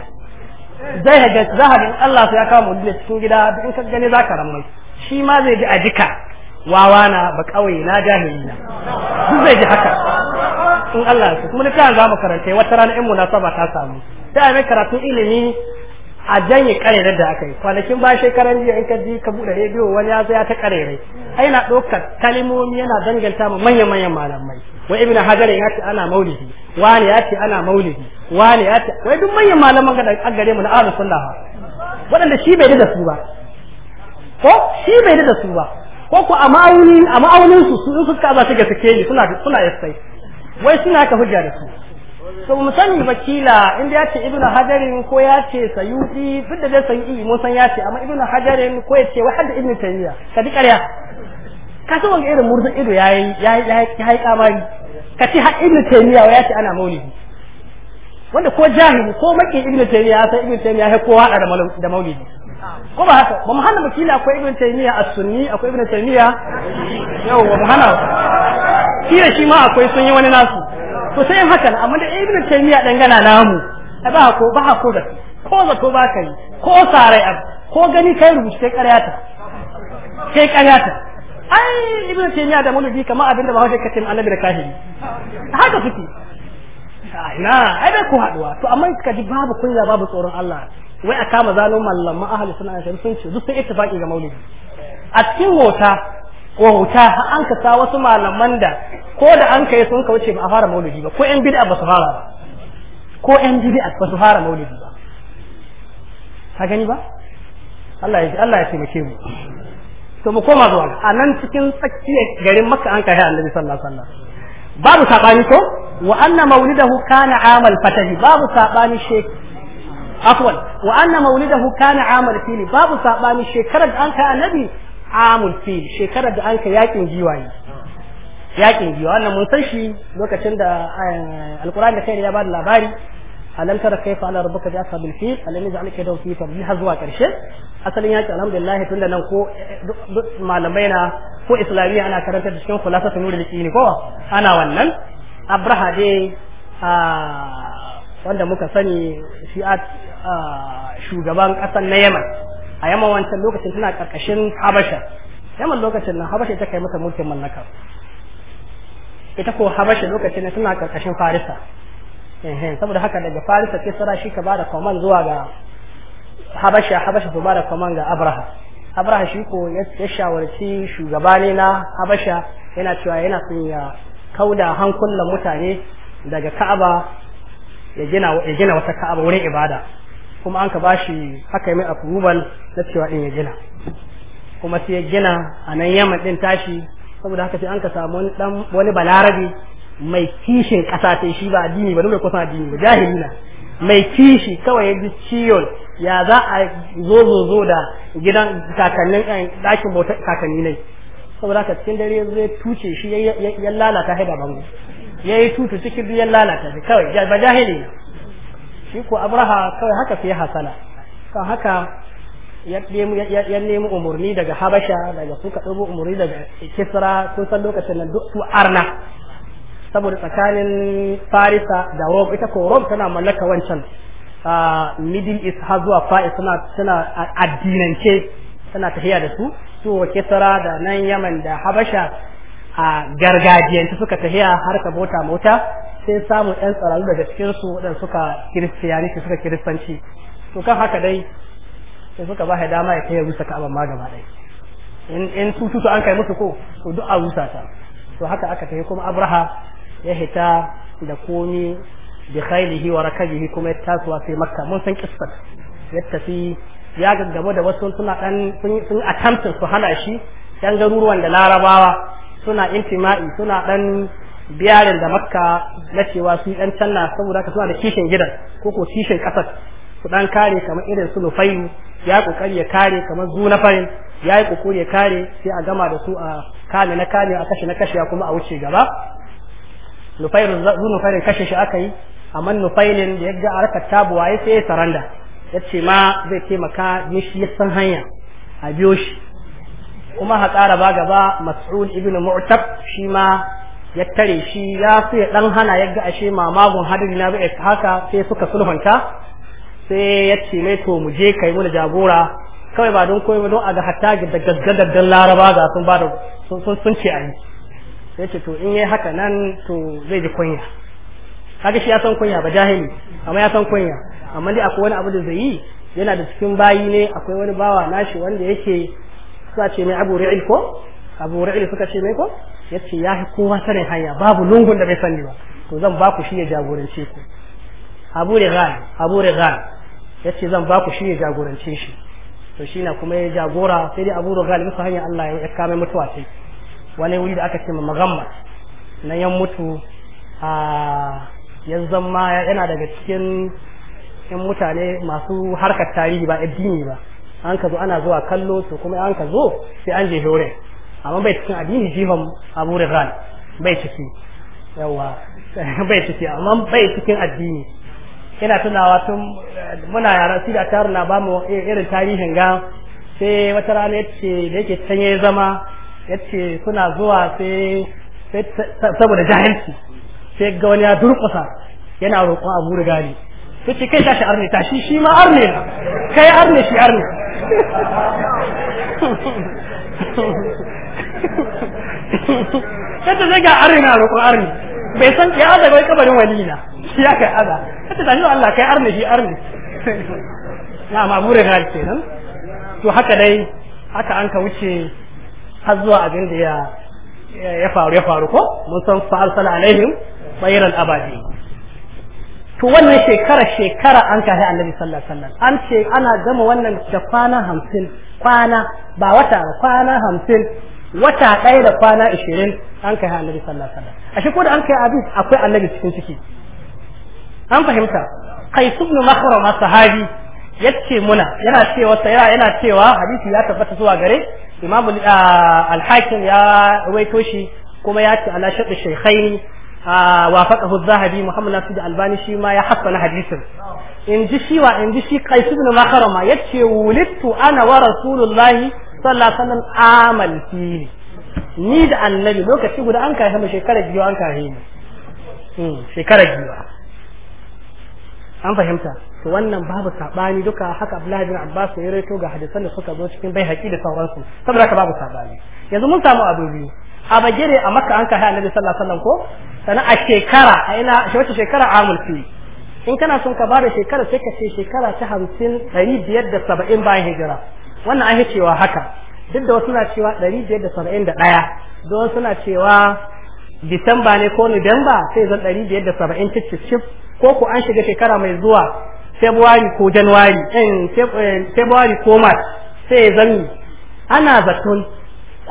zai haga za Allah so ya kama mauludi cikin gida in ka gane zaka ramai shi ma zai ji a jika wawa na ba kawai na jahili na duk zai ji haka in Allah ya kuma littafin za mu karanta wata rana in saba ta samu sai a mai karatun ilimi a janye karere da aka yi kwanakin ba shekaran jiya in ka ji ka buɗe rediyo wani ya zaya ta karere ai na ɗaukar kalmomi yana danganta ma manyan manyan malamai wai ibn hajar ya ce ana maulidi wani ya ce ana maulidi wani ya ce wai duk manyan malaman ga a gare mu na ahlus sunna waɗanda shi bai da su ba ko shi bai da su ba ko ku a ma'aunin a ma'aunin su su su za su ga ni suna suna yassai wai suna ka hujja da su to mu sani bakila inda ya ce ibnu hajarin ko ya ce duk da dai sayudi mun san ya ce amma ibnu hajarin ko ya ce wa hadda ibnu tayyiba ka di ƙarya ka san ga irin murzun ido yayi yayi yayi kamari ka ci har ibnu tayyiba ya ce ana maulidi wanda ko jahili ko maki ibnu tayyiba sai ibnu tayyiya ya kowa da maulidi ko ba haka ba mu hana ba kila akwai ibn taymiya as-sunni akwai ibn taymiya yau ba mu hana kila shi ma akwai sunni wani nasu to sai in haka amma da ibn taymiya dangana namu ba ko ba ko da ko zato ba kai ko sarai ab ko gani kai rubuce kai karyata kai karyata ai ibn taymiya da mulki kama abinda ba haka kace annabi da kahiri haka suke ina ai da ku haduwa to amma ji babu kunya babu tsoron Allah wai a kama mallam ma ahli sunna da sun ce duk sun ittifaqi ga maulidi a cikin wota ko hota an ka sa wasu malaman da ko da an kai sun kauce ba a fara maulidi ba ko yan bid'a ba su fara ba ko yan bid'a ba su fara maulidi ba ka gani ba Allah ya Allah ya taimake mu to mu koma zuwa a nan cikin tsakiyar garin Makka an kai Annabi sallallahu alaihi wasallam babu sabani ko wa anna maulidahu kana amal fatahi babu sabani shek عفوا وأن مولده كان عام الفيل باب صعباني شكرا أنك النبي عام الفيل شكرا أنك ياكن جيواي yakin biyu wannan mun san shi lokacin da eh, alkur'ani da kai ya bada labari alam tara kayfa ala rabbuka bi ashabil fil alam yaj'al kaydahum fi tadlil zuwa karshe asalin yaki alhamdulillah tunda nan ko malamai na ko islamiyya ana karanta da cikin khulasa nurul yaqini ko ana wannan abraha dai a ah, wanda muka sani a shugaban ƙasar na yaman a yaman wancan lokacin tana ƙarƙashin habasha yaman lokacin nan habasha ita kai masa mulkin mallaka ita ko habasha lokacin nan tana ƙarƙashin farisa saboda haka daga farisa kisra shi ka ba da kwaman zuwa ga habasha habasha su bada kwaman ga abraha abraha shi ko ya shawarci shugabane na habasha yana cewa yana son ya kauda hankulan mutane daga ka'aba ya gina wata ka'aba wurin ibada kuma an ka bashi haka mai approval na cewa din ya gina kuma sai ya gina a nan yaman ɗin tashi saboda haka sai an ka samu wani wani balarabi mai kishin kasa sai shi ba addini ba mai kusan addini ba jahili mai kishi kawai ya ji ciyon ya za a zo zo zo da gidan kakannin dakin eh, bauta kakanni ne saboda haka cikin dare zai tuce shi ya lalata haida bango ya yi tutu cikin biyan lalata shi kawai ba jahili ne shi ko abraha kawai haka fi hasala ka haka ya nemi umarni daga habasha daga suka ɗabo umarni daga kisra kun san lokacin nan duk su arna saboda tsakanin farisa da rom ita ko rom tana mallaka wancan middle east har zuwa fa'i suna suna addinance tana tafiya da su su kisra da nan yaman da habasha a gargajiyance suka tafiya harka mota mota sai samun ɗan tsararru daga cikin su waɗanda suka kiristiyaniki suka kiristanci to kan haka dai sai suka ba dama ya kai rusa ka'aba ma gaba in tutu tututu an kai musu ko to duk a rusa ta to haka aka tafi kuma abraha ya hita da komi bi khailihi wa rakabihi kuma ya tasowa sai makka mun san kissa ya tafi ya gaggaba da wasu suna sun attempt su hana shi yan garuruwan da larabawa suna intima'i suna dan biyarin da makka na cewa su dan canna saboda ka suna da kishin gidan ko ko kishin kasar su dan kare kamar irin su lufayu ya kokari ya kare kamar zu na farin ya yi kokari ya kare sai a gama da su a kame na kame a kashe na kashe kuma a wuce gaba nufairin zu nufairin kashe shi aka yi amma nufairin da ya ga raka tabuwa ya sai ya saranda yace ma zai taimaka mishi ya san hanya a biyo shi kuma ha ƙara ba gaba mas'ud ibn mu'tab shi ma ya tare shi ya su ya dan hana ya ga ashe mamagun hadari na bai haka sai suka sulhunta sai ya ce mai to mu je kai mu jagora kawai ba don koyi ba don a ga hatta da gaggadaddan laraba ga sun bada sun ce a yi sai ce to in yi haka nan to zai ji kunya kaga shi ya san kunya ba jahili amma ya san kunya amma dai akwai wani abu da zai yi yana da cikin bayi ne akwai wani bawa nashi wanda yake suka ce mai abu ra'il ko abu ra'il suka ce mai ko ya ce ya fi kowa sanin hanya babu lungun da bai sani ba to zan ba ku shi ya jagorance ku abu rigal abu rigal ya ce zan ba ku shi ya jagorance shi to shi na kuma ya jagora sai dai abu rigal musu hanya Allah ya kame mutuwa ce wani wuri da aka ce magamma na yan mutu a ya zama yana daga cikin yan mutane masu harkar tarihi ba addini ba an ka zo ana zuwa kallo to kuma an ka zo sai an je hore amma bai cikin addini jihon abu rizal bai ciki yawa *laughs* bai ciki amma bai cikin addini ina tunawa tun muna yara sida taru na ba mu irin tarihin ga sai wata rana yace da yake can zama yace suna zuwa sai saboda jahilci sai ga wani ya durƙusa yana roƙon abu rigali ta kai tashi arne tashi shi ma arne na kai arne shi arne yadda zai ga arne na roƙo arne bai san ya da bai kabarin wali na shi ya kai aza yadda tashi Allah kai arne shi arne na ma ga hal nan. to haka dai haka an ka wuce har zuwa abin da ya ya faru ya faru ko mun san fa'al sala alaihim bayran abadi to wannan shekara shekara an kafi annabi sallallahu alaihi wasallam an ce ana gama wannan da kwana hamsin kwana ba wata kwana hamsin wata ɗaya da kwana ishirin an kai annabi sallallahu alaihi wasallam ashe ko da an kai abin akwai annabi cikin ciki an fahimta kai ibn mahrama sahabi yace muna yana cewa yana yana cewa hadisi ya tabbata zuwa gare imamu ah, al-hakim ya waito shi kuma ya ce ala shaɗi shaikhaini وافقه الذهبي محمد muhammad nasir albani shi ma ya hasana hadisin in ji shi wa in ji shi qais ibn makarama yace wulittu ana wa rasulullahi sallallahu alaihi ni da annabi lokaci guda an kai mu shekara جيو an kai mu an fahimta wannan babu sabani duka haka Abdullahi bin Abbas ya rawaito ga hadisan da suka zo cikin bai da sauransu saboda haka babu sabani yanzu mun samu abu biyu a bagire a Makka an kai Annabi sallallahu alaihi wasallam ko sana a shekara a ina wace shekara amul fi in kana son ka bada shekara sai ka ce shekara ta hamsin ɗari biyar da saba'in bayan hijira wannan an cewa haka duk da wasu na cewa ɗari biyar da saba'in da ɗaya don suna cewa disamba ne ko nuwamba sai zan ɗari biyar da saba'in cif ko ku an shiga shekara mai zuwa Februari ko january in eh, eh, february ko march sai zan ana zaton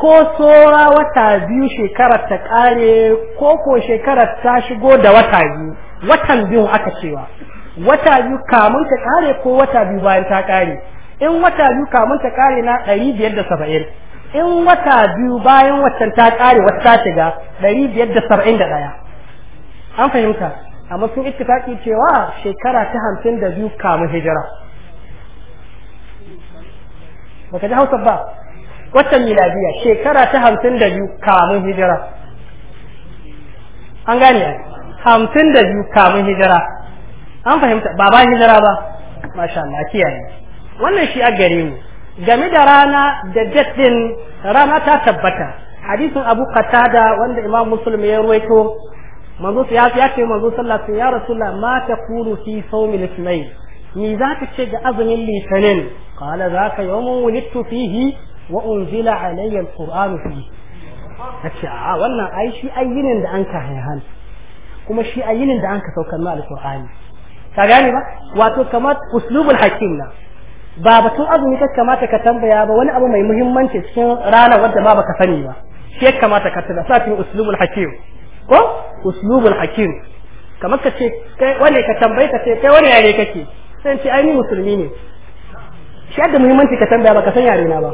ko tsora wata biyu shekarar ta kare ko ko shekarar ta shigo da wata biyu watan biyu aka cewa wata biyu kamun ta kare ko wata biyu bayan ta kare in wata biyu kamun ta kare na 570 biyar da saba'in in wata biyu bayan watan ta kare wata ta shiga 571 biyar da saba'in da ɗaya an fahimta amma sun ittifaki cewa shekara ta hamsin da biyu kamun hijira baka ji hausa ba watan miladiya shekara ta hamsin da biyu kamun hijira an gane hamsin da biyu kamun hijira an fahimta ba ba hijira ba masha Allah kiyaye wannan shi a gare mu game da rana da jaddin rana ta tabbata hadisin abu qatada wanda imam muslim ya ruwaito manzo ya ya ce manzo sallallahu alaihi wasallam ya rasulullah ma taqulu fi sawmi al-ithnayn ni za ka ce ga azumin litinin qala zaka yawmun wulittu fihi wa unzila alayya alquran fi kace a wannan ai shi ayyinin da an ka hayhan kuma shi ayyinin da an ka saukar na alqurani ka gane ba wato kamar uslubul hakim na ba batun azumi ka kamata ka tambaya ba wani abu mai muhimmanci cikin rana wadda ma baka sani ba shi kamata ka tuna sa cikin uslubul hakim ko uslubul hakim kamar ka ce kai wani ka tambaye ka ce kai wani yare kake sai ce ai ni musulmi ne shi da muhimmanci ka tambaya ba ka san yare na ba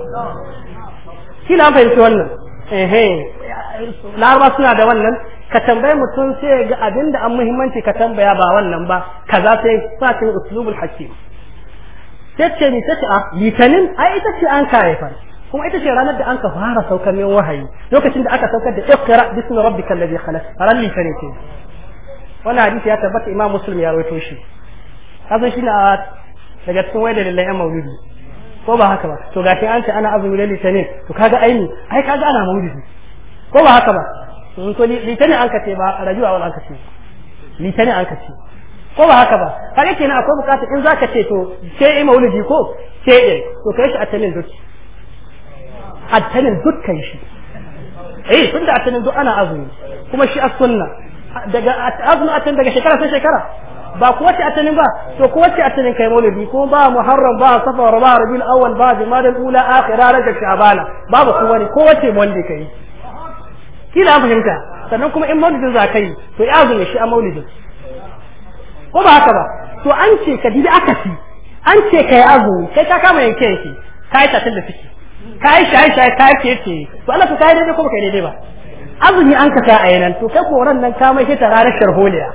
shi na fahimci wannan eh laraba suna da wannan ka tambayi mutum sai ga abinda an muhimmanci ka tambaya ba wannan ba kaza sai sa ta uslubul hakim sai ce ni tace a ah, litanin ai ita ce an kai fa kuma ita ce ranar da an ka fara saukar min wahayi lokacin da aka saukar da iqra bismi rabbikal ladhi khalaq ran litanin ce wannan hadisi ya tabbata imam muslim ya rawaito shi kasan shi na daga cikin wayar da lillahi maulidi ko ba haka ba to gashi an ce ana azumi da litinin to kaga aini ai kaga ana maulidi ko ba haka ba in to litinin an kace ba rajuwa wal an kace litinin an kace ko ba haka ba kaga kenan akwai bukata in zaka ce to sai ai maulidi ko sai din to kai shi a tanin duk a tanin duk kai shi eh tunda a tanin duk ana azumi kuma shi as sunna daga azumi a daga shekara sai shekara ba ko wace atanin ba to ko wace atanin kai maulidi ko ba muharram ba safar ba rabiul awwal ba jumadal ula akhira rajab sha'bana babu ko wani ko wace monday kai kila fahimta sannan kuma in maulidin za kai to ya azumi shi a maulidin ko ba haka ba to an ce ka dibi akasi an ce kai azumi kai ka kama yanke yanke kai tatin da fiki kai shaye shaye kai keke to Allah ka kai daidai ko ba kai daidai ba azumi an ka sa a yanan to kai ran nan ka mai hita ranar sharholiya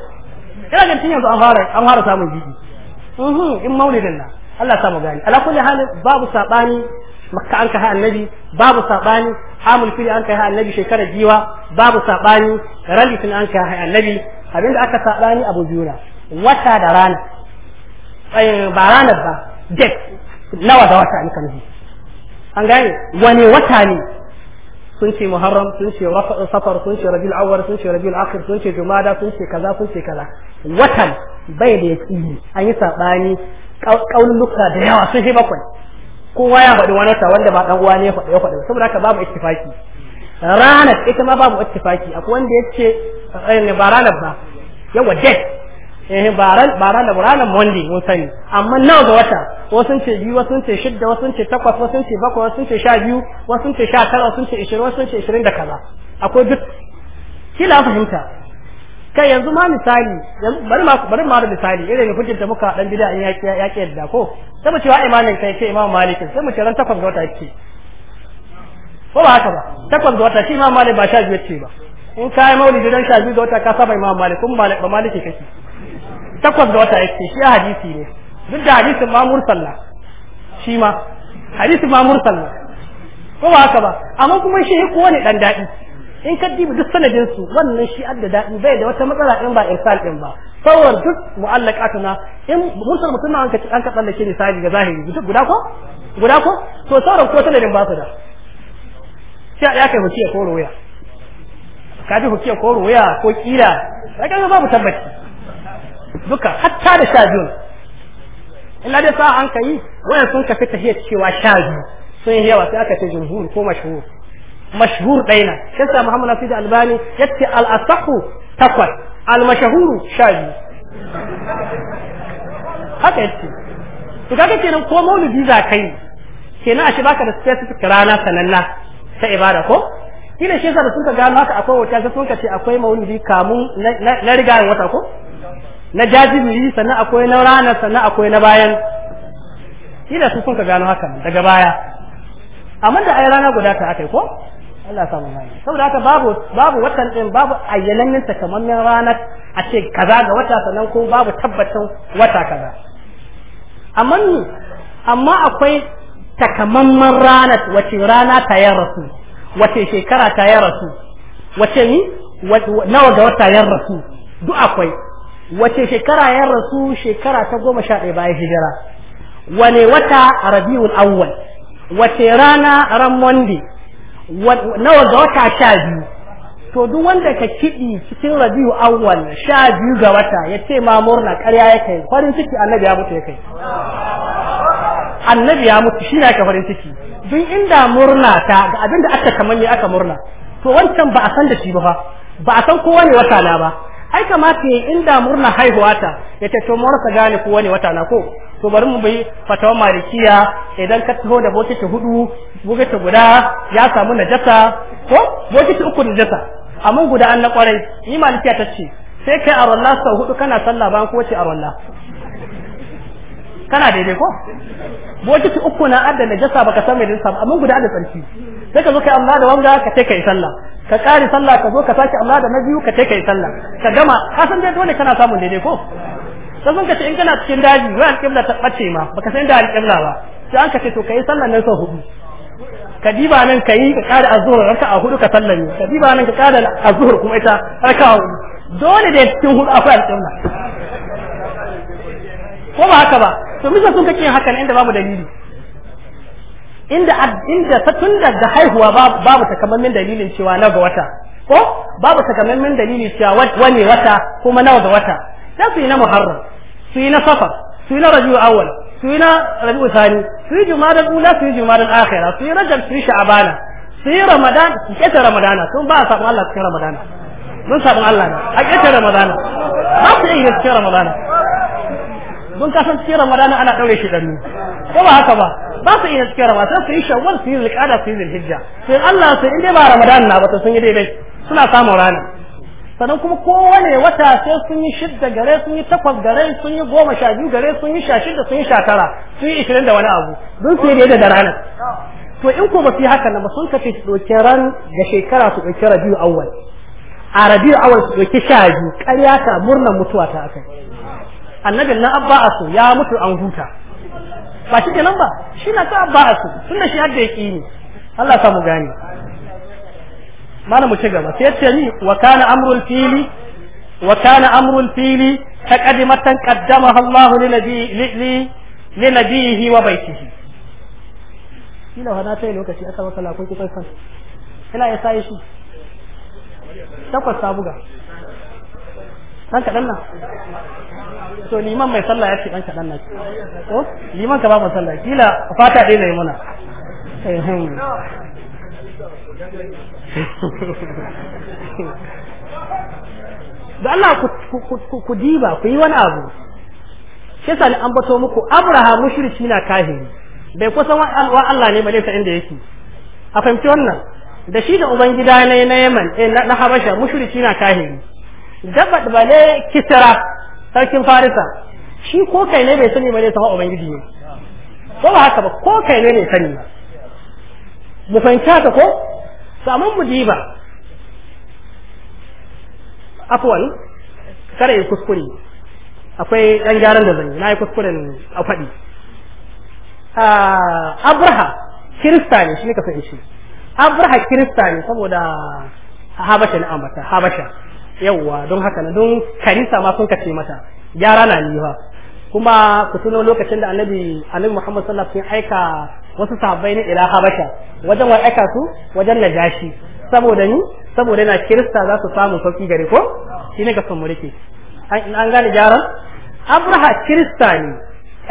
ina ga tun yanzu an fara an fara samun jiki in maulidin na Allah samu gani ala kulli halin babu sabani makka an kai annabi babu sabani hamul fili an kai annabi shekarar jiwa babu sabani ralifin an kai annabi abinda aka sabani abu juna. wata da rana ba ranar ba dek nawa da wata ne kan an gane wani wata ne sun ce muharram sun ce safar sun ce rabiul awwal sun ce rabiul akhir sun ce jumada sun ce kaza sun ce kaza watan bai da ya tsini an yi saɓani ƙaunuka da yawa sun shi bakwai kowa ya faɗi wani wata wanda ba ɗan uwa ne ya faɗi ya faɗi saboda haka babu ittifaki ranar ita ma babu ittifaki akwai wanda ya ce eh, ba ranar ba yawa date eh ba ran ba ran ranar Monday mun sani amma nawa ga wata wasu sun ce biyu wasu sun ce shidda wasu sun ce takwas wasu sun ce bakwai wasu sun ce sha biyu wasu sun ce sha tara wasu sun ce ishirin wasu sun ce ishirin da kaza akwai duk kila fahimta kai yanzu ma misali bari ma bari ma da misali irin hujjar da muka dan gida ya yake yake yadda ko sai mu cewa wa imamin kai sai imam malik sai mu ce ran takwas ga wata yake ko ba haka ba takwas ga wata shi imam malik ba sha biyu ce ba in ka yi maulidi dan sha biyu ga wata ka saba imam malik kun malik ba maliki kake takwas ga wata yake shi hadisi ne duk da hadisin ma mursalla shi ma hadisin ma mursalla ko ba haka ba amma kuma shi ko ne dan dadi in ka dibi duk sanadin su wannan shi adda daɗi bai da wata matsala in ba irsal din ba sauran duk mu'allaqatuna in mursal mutum na an ka an ka tsallake misali ga zahiri duk guda ko guda ko to sauran ko sanadin ba su da sai ya kai hukiya ko roya ka ji hukiya ko roya ko kila sai ka babu tabbaci duka hatta da sha biyu illa dai sa an kai waya sun ka fita hiyar cewa sha biyu sun yawa sai aka ce jumhur ko mashhur mashhur ɗaya na shi yasa Muhammad Nasir Albani yace al asahu takwas al mashahuru sha biyu haka ya ce to kaga kenan ko maulidi za kai kenan a ashe baka da specific rana sananna ta ibada ko kila shi yasa da ka gano haka akwai wata ga sun ce akwai maulidi kamun na rigayen wata ko na jajibiri sannan akwai na rana sannan akwai na bayan kila su sun ka gano haka daga baya amma da ai rana guda ta akai ko Allah samu gani saboda haka babu babu watan din babu ayyanannen takamammen ranar a ce kaza ga wata sanan ko babu tabbacin wata kaza amma ni amma akwai takamamman ranar wace rana ta ya rasu wace shekara ta ya rasu wace ni nawa ga wata ya rasu duk akwai wace shekara ya rasu shekara ta goma sha ɗaya bayan hijira wane wata rabiul awwal wace rana ran monday nawa ga wata sha biyu to duk wanda ka kiɗi cikin rabiu awwal sha biyu ga wata ya ce ma murna ƙarya ya kai farin ciki annabi ya mutu ya kai annabi ya mutu shi na ka farin ciki duk inda murna ta ga abin da aka kamanni aka murna to wancan ba a san da shi ba fa ba a san kowa ne wata na ba ai kamata ya inda murna haihuwa ta ya ce to mu rasa gane kowa ne wata na ko to bari mu bai fatawa malikiya idan ka taho da bokiti hudu bokiti guda ya samu najasa ko bokiti uku najasa amma guda an na kwarai ni malikiya ta ce sai kai arwalla sau hudu kana sallah ba ko ce arwalla kana daidai ko bokiti uku na adda najasa baka san mai dinsa amma guda da tsarki sai ka zo kai Allah da wanga ka kai sallah ka kare sallah ka zo ka sake Allah da na biyu ka kai sallah ka gama ka san dai dole kana samun daidai ko ka sun kace in kana cikin daji wai alƙibla ta bace ma baka san da alƙibla ba sai an kace to kai sallan nan sau hudu ka diba nan ka yi ka kada azhur a hudu ka sallame ka diba nan ka kada azhur kuma ita a hudu dole da cikin hudu akwai alƙibla ko ba haka ba to misa sun kake hakan inda babu dalili inda inda ta tun daga haihuwa babu takamaimin dalilin cewa nawa ga wata ko babu takamaimin dalilin cewa wani wata kuma nawa ga wata sai su yi na muharram su yi na safar su yi na raju awwal su yi na rabi'u thani su yi jumadal ula su yi jumadal akhirah su yi rajab su yi sha'bana su yi ramadan su keta ramadana sun ba a Allah cikin ramadana Mun sabon Allah ne a keta ramadana ba su yi cikin ramadana mun kasan cikin ramadana ana daure shi dannu ko ba haka ba ba su yi cikin ramadana su yi shawwal su yi zulqa'ada su yi zulhijja sai Allah sai in dai ba ramadan na ba to sun yi daidai suna samun rana sannan kuma kowane wata sai sun yi shidda gare sun yi takwas gare sun yi goma sha biyu gare sun yi sha shidda sun yi sha tara sun yi ishirin da wani abu don su yi da da ranar to in ko ba su yi haka na ba sun kace su ɗauki ran ga shekara su ɗauki rabiu awal. a rabiu awal su ɗauki sha biyu ƙarya ta murnar mutuwa ta akai annabin na abba a ya mutu an huta ba shi kenan ba shi na ta abba a so tun da shi har da ya ƙi ni Allah samu gani mana mu ci gaba sai yace ni wa kana amrul fili wa kana amrul fili taqadimatan qaddamaha Allah li nabi li li nabihi wa baitihi kila hada sai lokaci aka maka lakon kai san ina ya sai shi takwas ta buga dan kadan nan to liman mai sallah ya ce dan kadan nan ko liman ka ba mu sallah kila fata dai ne muna *laughs* da Allah ku diba ku yi wani abu shi yasa ni bato muku Abraham mushriki na kahiri bai kusan wa Allah ne bale ta inda yake a fahimci wannan da shi da ubangida ne na yaman eh, na Habasha mushriki na kahiri da bale kisira sarkin Farisa shi ko kai ne bai sani bale ta ubangiji ne ko ba haka ba ko kai ne ne sani ba mu fahimci haka ko samun mujiba afwan kare kuskure akwai ɗan gyaran da zan yi na yi kuskuren a faɗi ah, abraha kirista ne shi ne ka shi abraha kirista ne saboda habasha na ambata habasha yawwa don haka na don karisa ma sun kace mata gyara na liwa kuma ku tuno lokacin da annabi annabi muhammad sallallahu alaihi wasallam aika wasu sabbai ne ila habasha wajen wa aika su wajen najashi saboda ni saboda na kirista za su samu sauki gare ko shi ne ga murike an gane jaran abraha kirista ne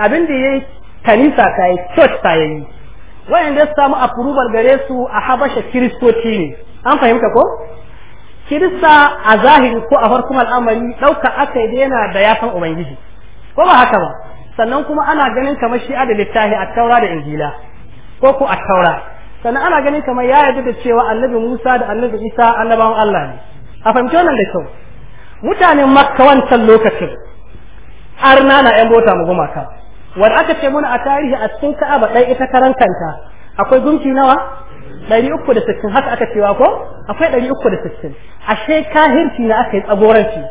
abin da yayi kanisa ta yi church ta yi wayanda su samu approval gare su a habasha kiristoci ne an fahimta ko kirista a zahiri ko a farkon al'amari ɗauka aka yi yana da yafan ubangiji ko ba haka ba sannan kuma ana ganin kamar shi da littafi a taura da injila ko ku a taura sannan ana ganin kamar ya yarda da cewa annabi Musa da annabi Isa annabawan Allah ne a fahimci wannan da kyau mutanen makka wancan lokacin arna na yan bota mu gumaka wa aka ce muna a tarihi a cikin ka'aba ɗaya ita karan kanta akwai gunki nawa ɗari uku da haka aka cewa ko akwai ɗari uku da sittin ashe kahirci na aka yi tsagoranci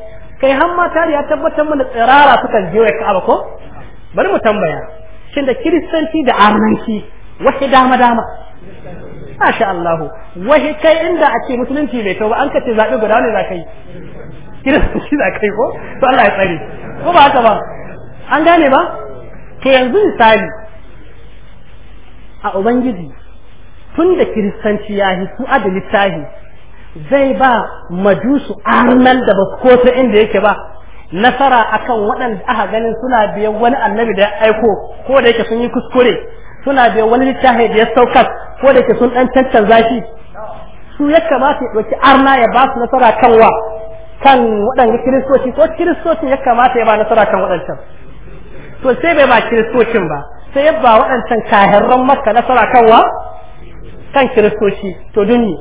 kai har ma tari ya tabbatar mana tsirara sukan je wa ka'aba ko bari mu tambaya shin da kiristanci da arnanci wahi dama dama masha Allah wahi kai inda a ce musulunci mai tau ba an kace zaɓe guda ne za kai. yi kiristanci za kai ko to Allah ya tsare ko ba haka ba an gane ba to yanzu misali a ubangiji tun da kiristanci ya yi su adali littafi zai ba majusu arnal da ba ko ta inda yake ba nasara akan waɗanda aka ganin suna biyan wani annabi da ya aiko ko da yake sun yi kuskure suna da wani littafi da ya sauka ko da ke sun dan cancanza shi su ya kamata ya ɗauki arna ya ba su nasara kan wa kan waɗanda kiristoci ko kiristocin ya kamata ya ba nasara kan waɗancan to sai bai ba kiristocin ba sai ya ba waɗancan kahirran maka nasara kan wa kan kiristoci to dunni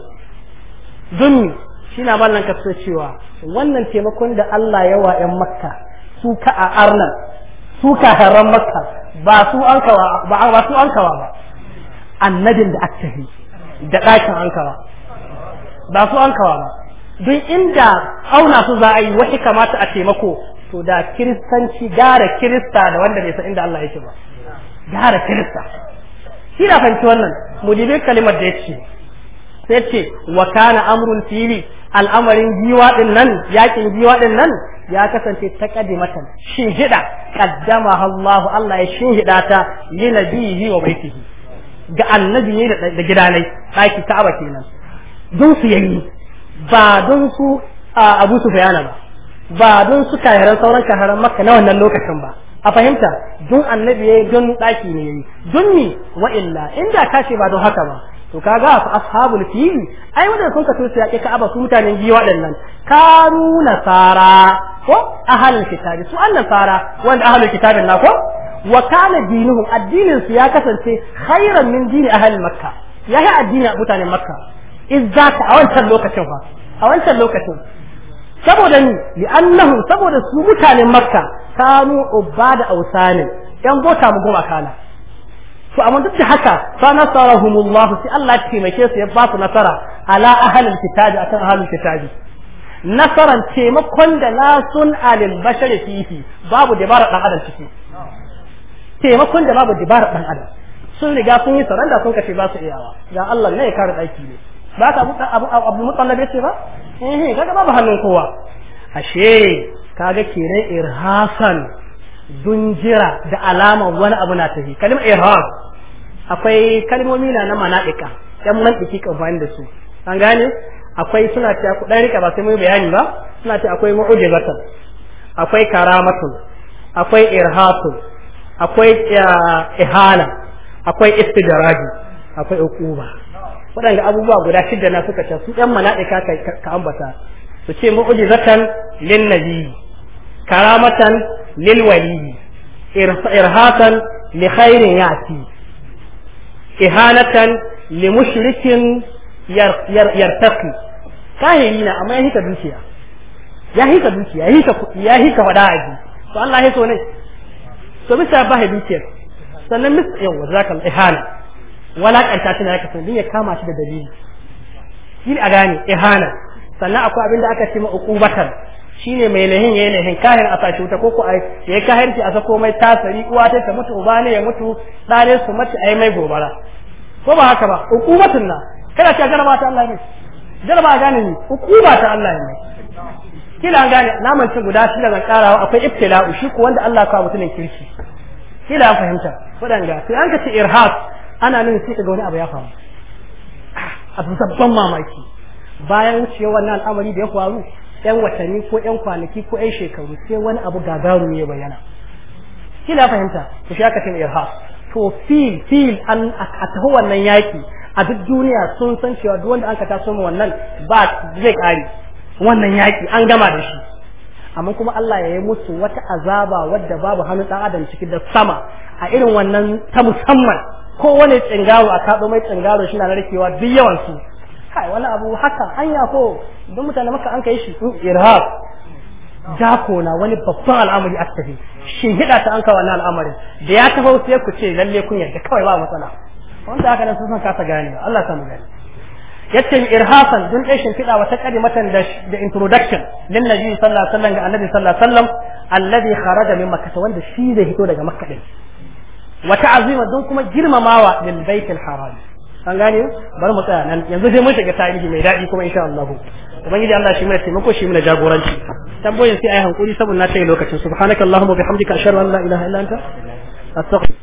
dunni shi na mallan ka cewa wannan taimakon da Allah wa 'yan makka su ka a arnan su kafaran maka ba su an kawa ba su an kawa ba annabin da aka yi da ɗakin an kawa ba su an kawa ba don inda auna su za a yi wahi kamata a taimako to da kiristanci gara kirista da wanda bai san inda Allah yake ba gara kirista shi na fahimci wannan mu dibe kalimar da ya ce sai ce wa kana amrun TV? al'amarin giwa din nan yakin giwa din nan ya kasance taqaddimatan shin hida qaddama Allahu Allah ya shin hida ta li nabiyhi wa baitihi ga annabi ne da gidanai daki Ka'aba kenan don su yayi ba don su Abu Sufyan ba ba don su kayaran sauran kayaran maka na wannan lokacin ba a fahimta don annabi yayi don daki ne yayi don ni wa illa inda kashe ba don haka ba to kaga fa ashabul fil ai wanda sun ka tosu yake ka'aba su mutanen giwa waɗannan karu nasara ko ahlul kitabi su an nasara wanda ahlul kitabin na ko wa kana dinuhum addinin su ya kasance khairan min dini ahlul makka ya yi addini a mutanen makka izzaka a wancan lokacin fa a wancan lokacin saboda ni annahu saboda su mutanen makka kanu ubada ausanin yan bota mu goma kana to amma duk da haka fa nasarahumullah sai Allah ya taimake su ya ba su nasara ala ahlil kitabi akan ahlul kitabi nasaran taimakon da la sun alil bashari fihi babu dabara dan adam ciki taimakon da babu dabara dan adam sun riga sun yi saranda sun kace ba su iyawa ga Allah ne ya kare aiki ne ba ka abu abu abu mutallabe ce ba eh kaga babu hannun kowa ashe kaga kenan irhasan dunjira da alama wani abu na tafi kalimar irhas akwai kalmomi na na manaɗika ɗan mantiki kan da su an gane akwai suna ce ku ɗan rika ba sai mai bayani ba suna ce akwai zata akwai karamatun akwai irhatun akwai ihala akwai istijarabi akwai uquba waɗanda abubuwa guda shidda na suka ce su ɗan manaɗika ka ambata su ce zatan lin nabiyyi karamatan lil waliyyi irhatan li khairin ya'ti ihanatan li mushrikin yartaqi kahiri na amma ya hika dukiya ya hika dukiya ya hika ya hika fada aji to Allah ya so ne to bisa ba dukiya sannan mis yawa zakal ihana wala ta tana yaka sannan ya kama shi da dalili shi a gane ihana sannan akwai abinda aka ce ma uqubatan Shi ne mai lahin yi lahin kahir a sashi wuta koko ai yayi kahirci a sako mai tasari uwa ta ta mutu uba ne ya mutu ɗare su mace a yi mai gobara ko ba haka ba hukumatun na kana ta jaraba ta Allah ne jaraba gane ni hukuma ta Allah ne kila gane naman ci guda shi daga karawa akwai ibtila'u shi ko wanda Allah ka mutumin kirki kila fahimta wadanga Sai an ka ce irhas ana nan sai ka ga wani abu ya faru a babban mamaki bayan wucewa wannan al'amari da ya faru yan watanni ko yan kwanaki ko yan shekaru sai wani abu gagaru ya bayyana kina fahimta to shi aka irhas to fil fil an a taho wannan yaki a duk duniya sun san cewa duk wanda aka taso mu wannan ba zai kare wannan yaki an gama da shi amma kuma Allah ya yi musu wata azaba wadda babu hannu ɗan adam ciki da sama a irin wannan ta musamman kowane tsingaro a kaɗo mai tsingaro shi na narkewa duk yawan su kai wani abu haka hanya ko don mutane maka an kai shi mm, irhab jako na wani babban al'amari a tafi shin hida ta an kawo wannan al'amarin da ya tafi sai ku ce lalle kun yarda kawai ba matsala wanda haka nan sun kasa gane Allah ta mu gani. yace irhasan dun dai shin fida wata kalimatan da da introduction lin nabi sallallahu alaihi wasallam ga annabi sallallahu alaihi wasallam alladhi kharaja min makkah wanda shi zai hito daga makkah din wata azima don kuma girmamawa lil baitil haram an gane bari mu tsaya nan yanzu sai mun shiga tarihi mai daɗi kuma insha Allah ubangiji Allah shi mai taimako shi mai jagoranci tambayoyin sai ai hankuri saboda na tsaye lokacin subhanakallahumma bihamdika ashhadu an la ilaha illa anta astaghfiruka